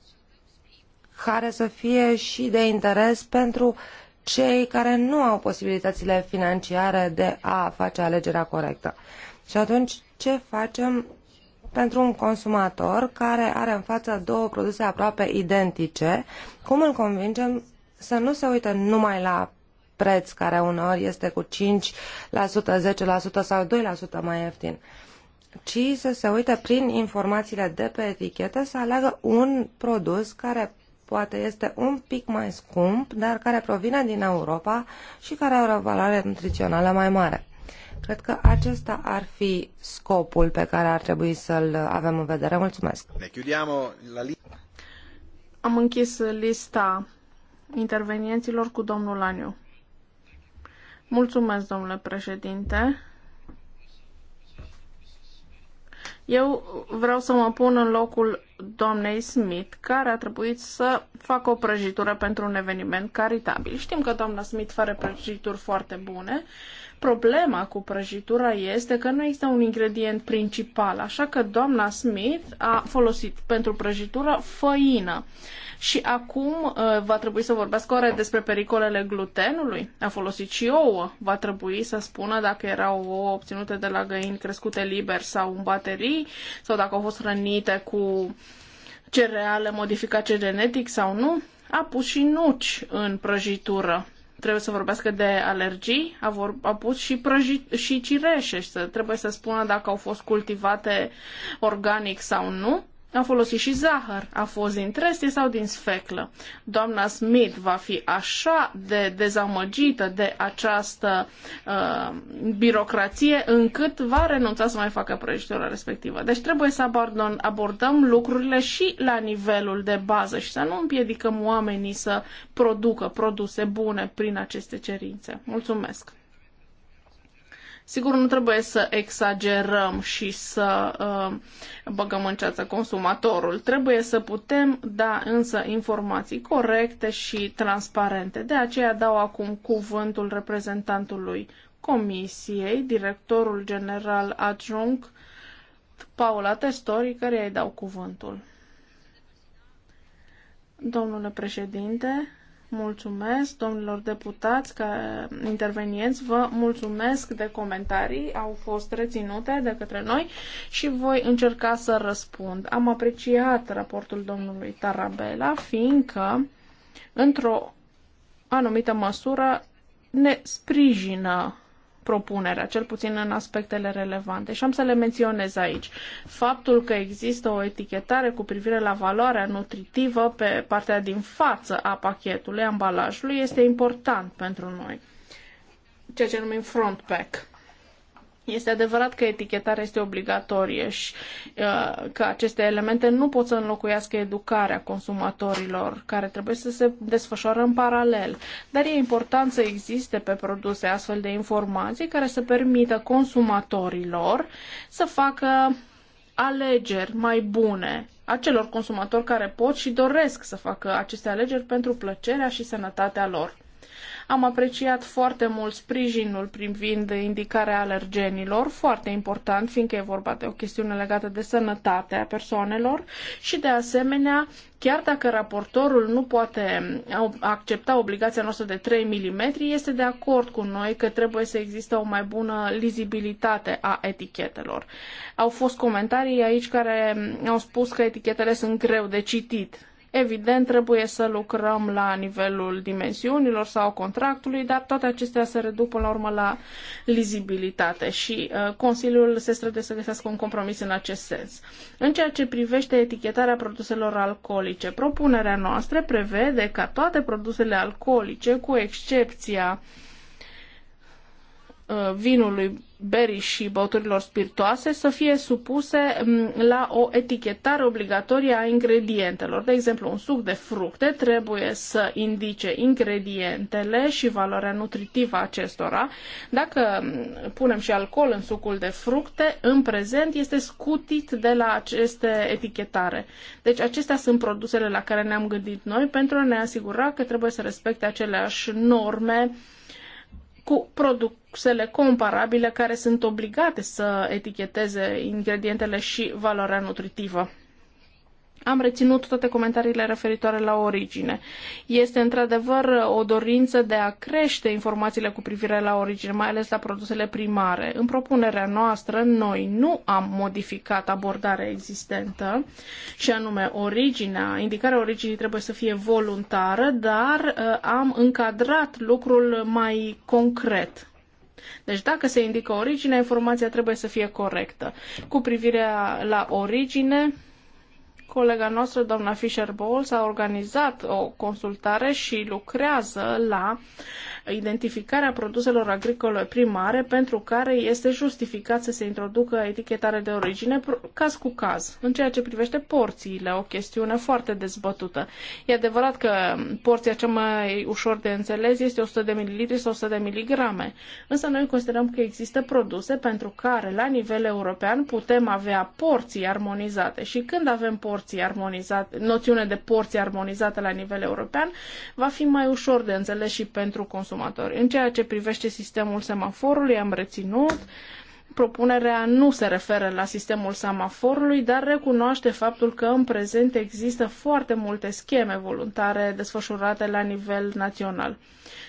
care să fie și de interes pentru cei care nu au posibilitățile financiare de a face alegerea corectă. Și atunci ce facem pentru un consumator care are în față două produse aproape identice, cum îl convingem să nu se uite numai la preț, care uneori este cu 5%, 10% sau 2% mai ieftin, ci să se uite prin informațiile de pe etichetă să aleagă un produs care poate este un pic mai scump, dar care provine din Europa și care are o valoare nutrițională mai mare. Cred că acesta ar fi scopul pe care ar trebui să-l avem în vedere. Mulțumesc. Ne la li- Am închis lista intervenienților cu domnul Aniu. Mulțumesc, domnule președinte. Eu vreau să mă pun în locul doamnei Smith, care a trebuit să facă o prăjitură pentru un eveniment caritabil. Știm că doamna Smith face prăjituri foarte bune. Problema cu prăjitura este că nu există un ingredient principal, așa că doamna Smith a folosit pentru prăjitură făină. Și acum uh, va trebui să vorbească oare despre pericolele glutenului. A folosit și ouă. Va trebui să spună dacă erau ouă obținute de la găini crescute liber sau în baterii, sau dacă au fost hrănite cu cereale modificate genetic sau nu, a pus și nuci în prăjitură. Trebuie să vorbească de alergii, a, vor, a pus și, prăji, și cireșe, să, trebuie să spună dacă au fost cultivate organic sau nu. Am folosit și zahăr. A fost din trestie sau din sfeclă. Doamna Smith va fi așa de dezamăgită de această uh, birocrație încât va renunța să mai facă prăjitura respectivă. Deci trebuie să abordăm, abordăm lucrurile și la nivelul de bază și să nu împiedicăm oamenii să producă produse bune prin aceste cerințe. Mulțumesc! Sigur, nu trebuie să exagerăm și să uh, băgăm în ceață consumatorul. Trebuie să putem da însă informații corecte și transparente. De aceea dau acum cuvântul reprezentantului Comisiei, directorul general adjunct Paula Testori, care îi dau cuvântul. Domnule președinte, Mulțumesc domnilor deputați că interveniți. vă mulțumesc de comentarii, au fost reținute de către noi și voi încerca să răspund. Am apreciat raportul domnului Tarabela, fiindcă, într-o anumită măsură, ne sprijină propunerea, cel puțin în aspectele relevante. Și am să le menționez aici. Faptul că există o etichetare cu privire la valoarea nutritivă pe partea din față a pachetului, ambalajului, este important pentru noi. Ceea ce numim front pack. Este adevărat că etichetarea este obligatorie și uh, că aceste elemente nu pot să înlocuiască educarea consumatorilor, care trebuie să se desfășoară în paralel. Dar e important să existe pe produse astfel de informații care să permită consumatorilor să facă alegeri mai bune acelor consumatori care pot și doresc să facă aceste alegeri pentru plăcerea și sănătatea lor. Am apreciat foarte mult sprijinul privind indicarea alergenilor, foarte important, fiindcă e vorba de o chestiune legată de sănătatea persoanelor și, de asemenea, chiar dacă raportorul nu poate accepta obligația noastră de 3 mm, este de acord cu noi că trebuie să existe o mai bună lizibilitate a etichetelor. Au fost comentarii aici care au spus că etichetele sunt greu de citit Evident, trebuie să lucrăm la nivelul dimensiunilor sau contractului, dar toate acestea se reduc până la urmă la lizibilitate și uh, Consiliul se străduie să găsească un compromis în acest sens. În ceea ce privește etichetarea produselor alcoolice, propunerea noastră prevede ca toate produsele alcoolice, cu excepția uh, Uh, vinului, berii și băuturilor spiritoase să fie supuse mm, la o etichetare obligatorie a ingredientelor. De exemplu, un suc de fructe trebuie să indice ingredientele și valoarea nutritivă a acestora. Dacă mm, punem și alcool în sucul de fructe, în prezent este scutit de la aceste etichetare. Deci acestea sunt produsele la care ne-am gândit noi pentru a ne asigura că trebuie să respecte aceleași norme cu produc produsele comparabile care sunt obligate să eticheteze ingredientele și valoarea nutritivă. Am reținut toate comentariile referitoare la origine. Este într-adevăr o dorință de a crește informațiile cu privire la origine, mai ales la produsele primare. În propunerea noastră, noi nu am modificat abordarea existentă, și anume originea, indicarea originii trebuie să fie voluntară, dar uh, am încadrat lucrul mai concret deci dacă se indică originea, informația trebuie să fie corectă. Cu privire la origine, colega noastră, doamna Fisher Bowles, a organizat o consultare și lucrează la uh, identificarea produselor agricole primare pentru care este justificat să se introducă etichetare de origine caz cu caz. În ceea ce privește porțiile, o chestiune foarte dezbătută. E adevărat că porția cea mai ușor de înțeles este 100 de ml sau 100 de miligrame, însă noi considerăm că există produse pentru care la nivel european putem avea porții armonizate și când avem porții armonizate, noțiune de porții armonizate la nivel european, va fi mai ușor de înțeles și pentru consumatori consumatori. În ceea ce privește sistemul semaforului, am reținut Propunerea nu se referă la sistemul semaforului, dar recunoaște faptul că în prezent există foarte multe scheme voluntare desfășurate la nivel național.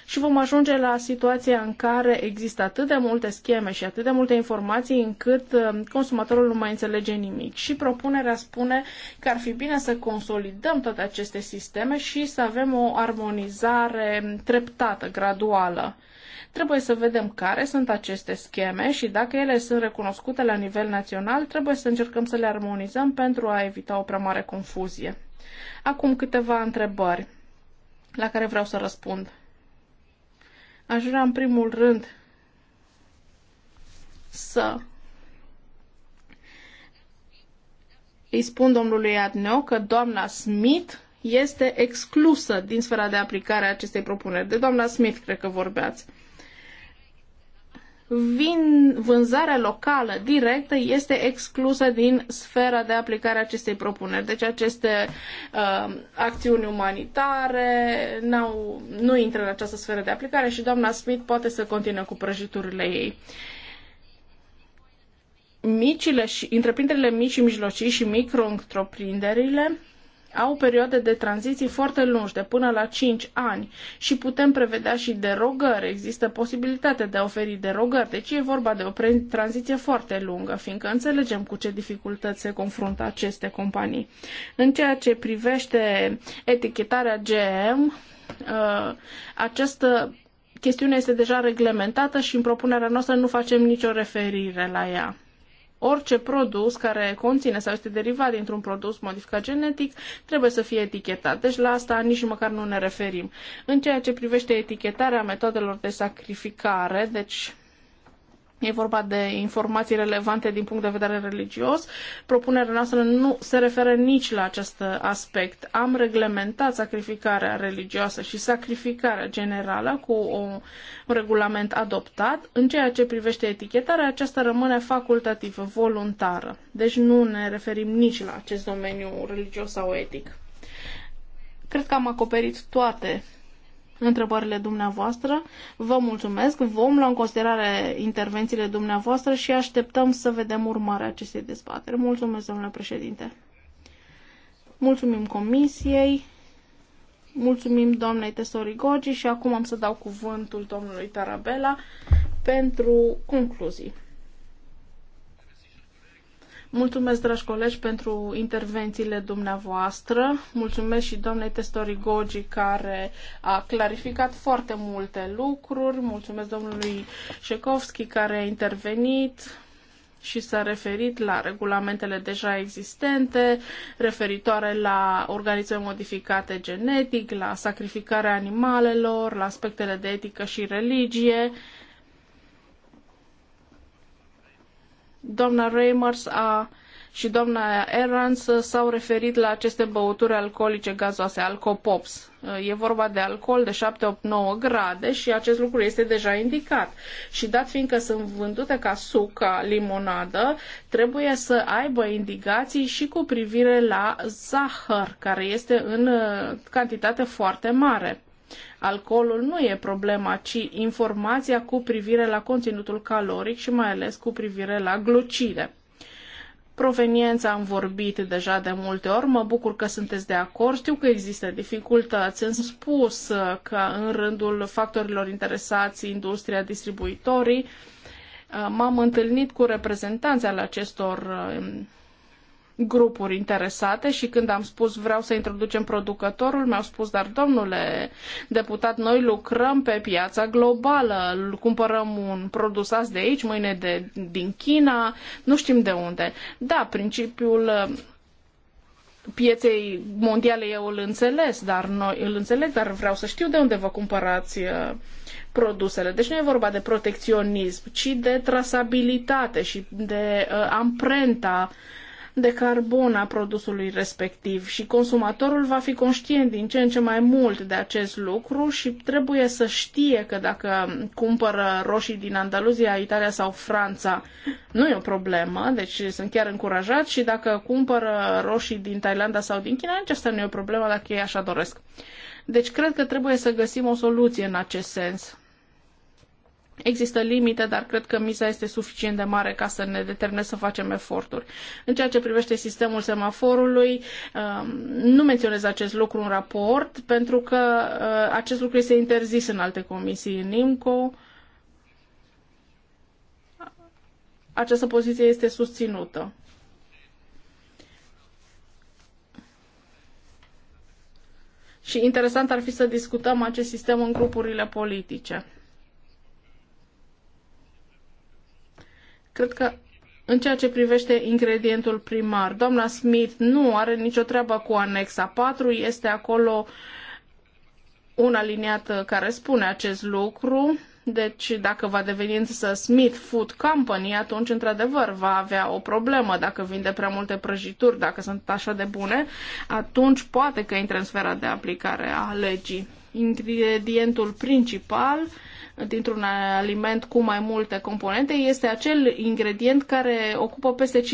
Și vom ajunge la situația în care există atât de multe scheme și atât de multe informații încât uh, consumatorul nu mai înțelege nimic. Și propunerea spune că ar fi bine să consolidăm toate aceste sisteme și să avem o armonizare treptată, graduală Trebuie să vedem care sunt aceste scheme și dacă ele sunt recunoscute la nivel național, trebuie să încercăm să le armonizăm pentru a evita o prea mare confuzie. Acum câteva întrebări la care vreau să răspund. Aș vrea în primul rând să îi spun domnului Adneu că doamna Smith este exclusă din sfera de aplicare a acestei propuneri. De doamna Smith, cred că vorbeați vin, vânzarea locală directă este exclusă din sfera de aplicare a acestei propuneri. Deci aceste uh, acțiuni umanitare nu intră în această sferă de aplicare și doamna Smith poate să continue cu prăjiturile ei micile și întreprinderile mici și mijlocii și micro-întreprinderile au perioade de tranziții foarte lungi, de până la 5 ani și putem prevedea și derogări. Există posibilitatea de a oferi derogări, deci e vorba de o tranziție foarte lungă, fiindcă înțelegem cu ce dificultăți se confruntă aceste companii. În ceea ce privește etichetarea GM, uh, această chestiune este deja reglementată și în propunerea noastră nu facem nicio referire la ea orice produs care conține sau este derivat dintr-un produs modificat genetic trebuie să fie etichetat. Deci la asta nici măcar nu ne referim. În ceea ce privește etichetarea metodelor de sacrificare, deci E vorba de informații relevante din punct de vedere religios. Propunerea noastră nu se referă nici la acest aspect. Am reglementat sacrificarea religioasă și sacrificarea generală cu un regulament adoptat. În ceea ce privește etichetarea, aceasta rămâne facultativă, voluntară. Deci nu ne referim nici la acest domeniu religios sau etic. Cred că am acoperit toate întrebările dumneavoastră. Vă mulțumesc, vom lua în considerare intervențiile dumneavoastră și așteptăm să vedem urmarea acestei dezbateri. Mulțumesc, domnule președinte. Mulțumim comisiei, mulțumim doamnei Tesori Gogi și acum am să dau cuvântul domnului Tarabela pentru concluzii. Mulțumesc, dragi colegi, pentru intervențiile dumneavoastră. Mulțumesc și doamnei Testori Gogi, care a clarificat foarte multe lucruri. Mulțumesc domnului Șecovski, care a intervenit și s-a referit la regulamentele deja existente, referitoare la organisme modificate genetic, la sacrificarea animalelor, la aspectele de etică și religie. Doamna Reimers a, și doamna Erans s-au referit la aceste băuturi alcoolice gazoase, alcopops. E vorba de alcool de 7, 8, 9 grade și acest lucru este deja indicat. Și dat fiindcă sunt vândute ca suc, ca limonadă, trebuie să aibă indicații și cu privire la zahăr, care este în uh, cantitate foarte mare. Alcoolul nu e problema, ci informația cu privire la conținutul caloric și mai ales cu privire la glucide. Proveniența am vorbit deja de multe ori, mă bucur că sunteți de acord, știu că există dificultăți, am spus că în rândul factorilor interesați, industria, distribuitorii, m-am întâlnit cu reprezentanții al acestor grupuri interesate și când am spus vreau să introducem producătorul, mi-au spus, dar domnule deputat, noi lucrăm pe piața globală, cumpărăm un produs azi de aici, mâine de, din China, nu știm de unde. Da, principiul uh, pieței mondiale eu îl înțeles, dar noi îl înțeleg, dar vreau să știu de unde vă cumpărați uh, produsele. Deci nu e vorba de protecționism, ci de trasabilitate și de uh, amprenta uh, de carbon a produsului respectiv și consumatorul va fi conștient din ce în ce mai mult de acest lucru și trebuie să știe că dacă cumpără roșii din Andaluzia, Italia sau Franța, nu e o problemă, deci sunt chiar încurajat și dacă cumpără roșii din Thailanda sau din China, asta nu e o problemă dacă ei așa doresc. Deci cred că trebuie să găsim o soluție în acest sens Există limite, dar cred că miza este suficient de mare ca să ne determine să facem eforturi. În ceea ce privește sistemul semaforului, um, nu menționez acest lucru în raport, pentru că uh, acest lucru este interzis în alte comisii. În IMCO, această poziție este susținută. Și interesant ar fi să discutăm acest sistem în grupurile politice. Cred că în ceea ce privește ingredientul primar, doamna Smith nu are nicio treabă cu anexa 4, este acolo un liniată care spune acest lucru, deci dacă va deveni însă Smith Food Company, atunci într-adevăr va avea o problemă dacă vinde prea multe prăjituri, dacă sunt așa de bune, atunci poate că intră în sfera de aplicare a legii. Ingredientul principal uh, dintr-un aliment cu mai multe componente este acel ingredient care ocupă peste 50%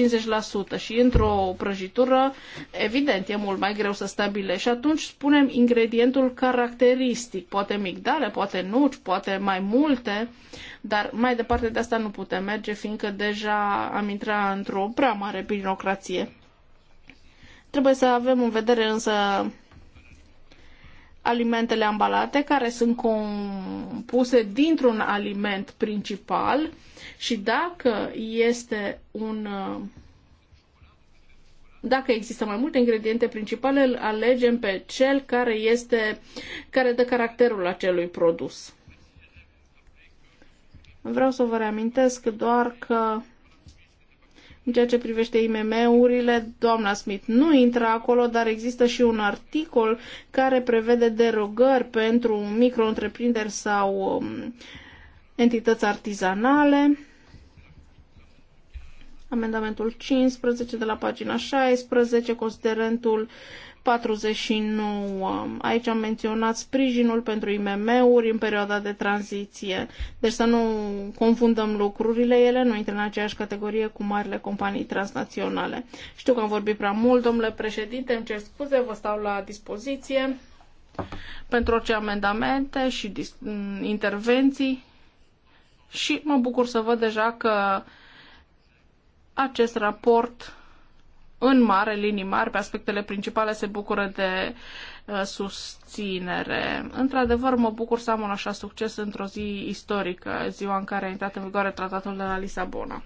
și într-o prăjitură, evident, e mult mai greu să stabilești. Și atunci spunem ingredientul caracteristic, poate migdale, poate nuci, poate mai multe, dar mai departe de asta nu putem merge, fiindcă deja am intrat într-o prea mare birocrație. Trebuie să avem în vedere însă alimentele ambalate care sunt compuse dintr-un aliment principal și dacă este un dacă există mai multe ingrediente principale, îl alegem pe cel care este care dă caracterul acelui produs. Vreau să vă reamintesc doar că în ceea ce privește IMM-urile, doamna Smith nu intră acolo, dar există și un articol care prevede derogări pentru micro sau um, entități artizanale. Amendamentul 15 de la pagina 16, considerentul uh, 49. Aici am menționat sprijinul pentru IMM-uri în perioada de tranziție. Deci să nu confundăm lucrurile, ele nu intră în aceeași categorie cu marile companii transnaționale. Știu că am vorbit prea mult, domnule președinte, îmi cer scuze, vă stau la dispoziție pentru orice amendamente și intervenții și mă bucur să văd deja că acest raport în mare, linii mari, pe aspectele principale se bucură de uh, susținere. Într-adevăr, mă bucur să am un așa succes într-o zi istorică, ziua în care a intrat în vigoare tratatul de la Lisabona.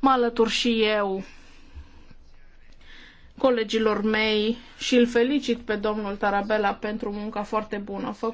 Mă alătur și eu colegilor mei și îl felicit pe domnul Tarabella pentru munca foarte bună făcută.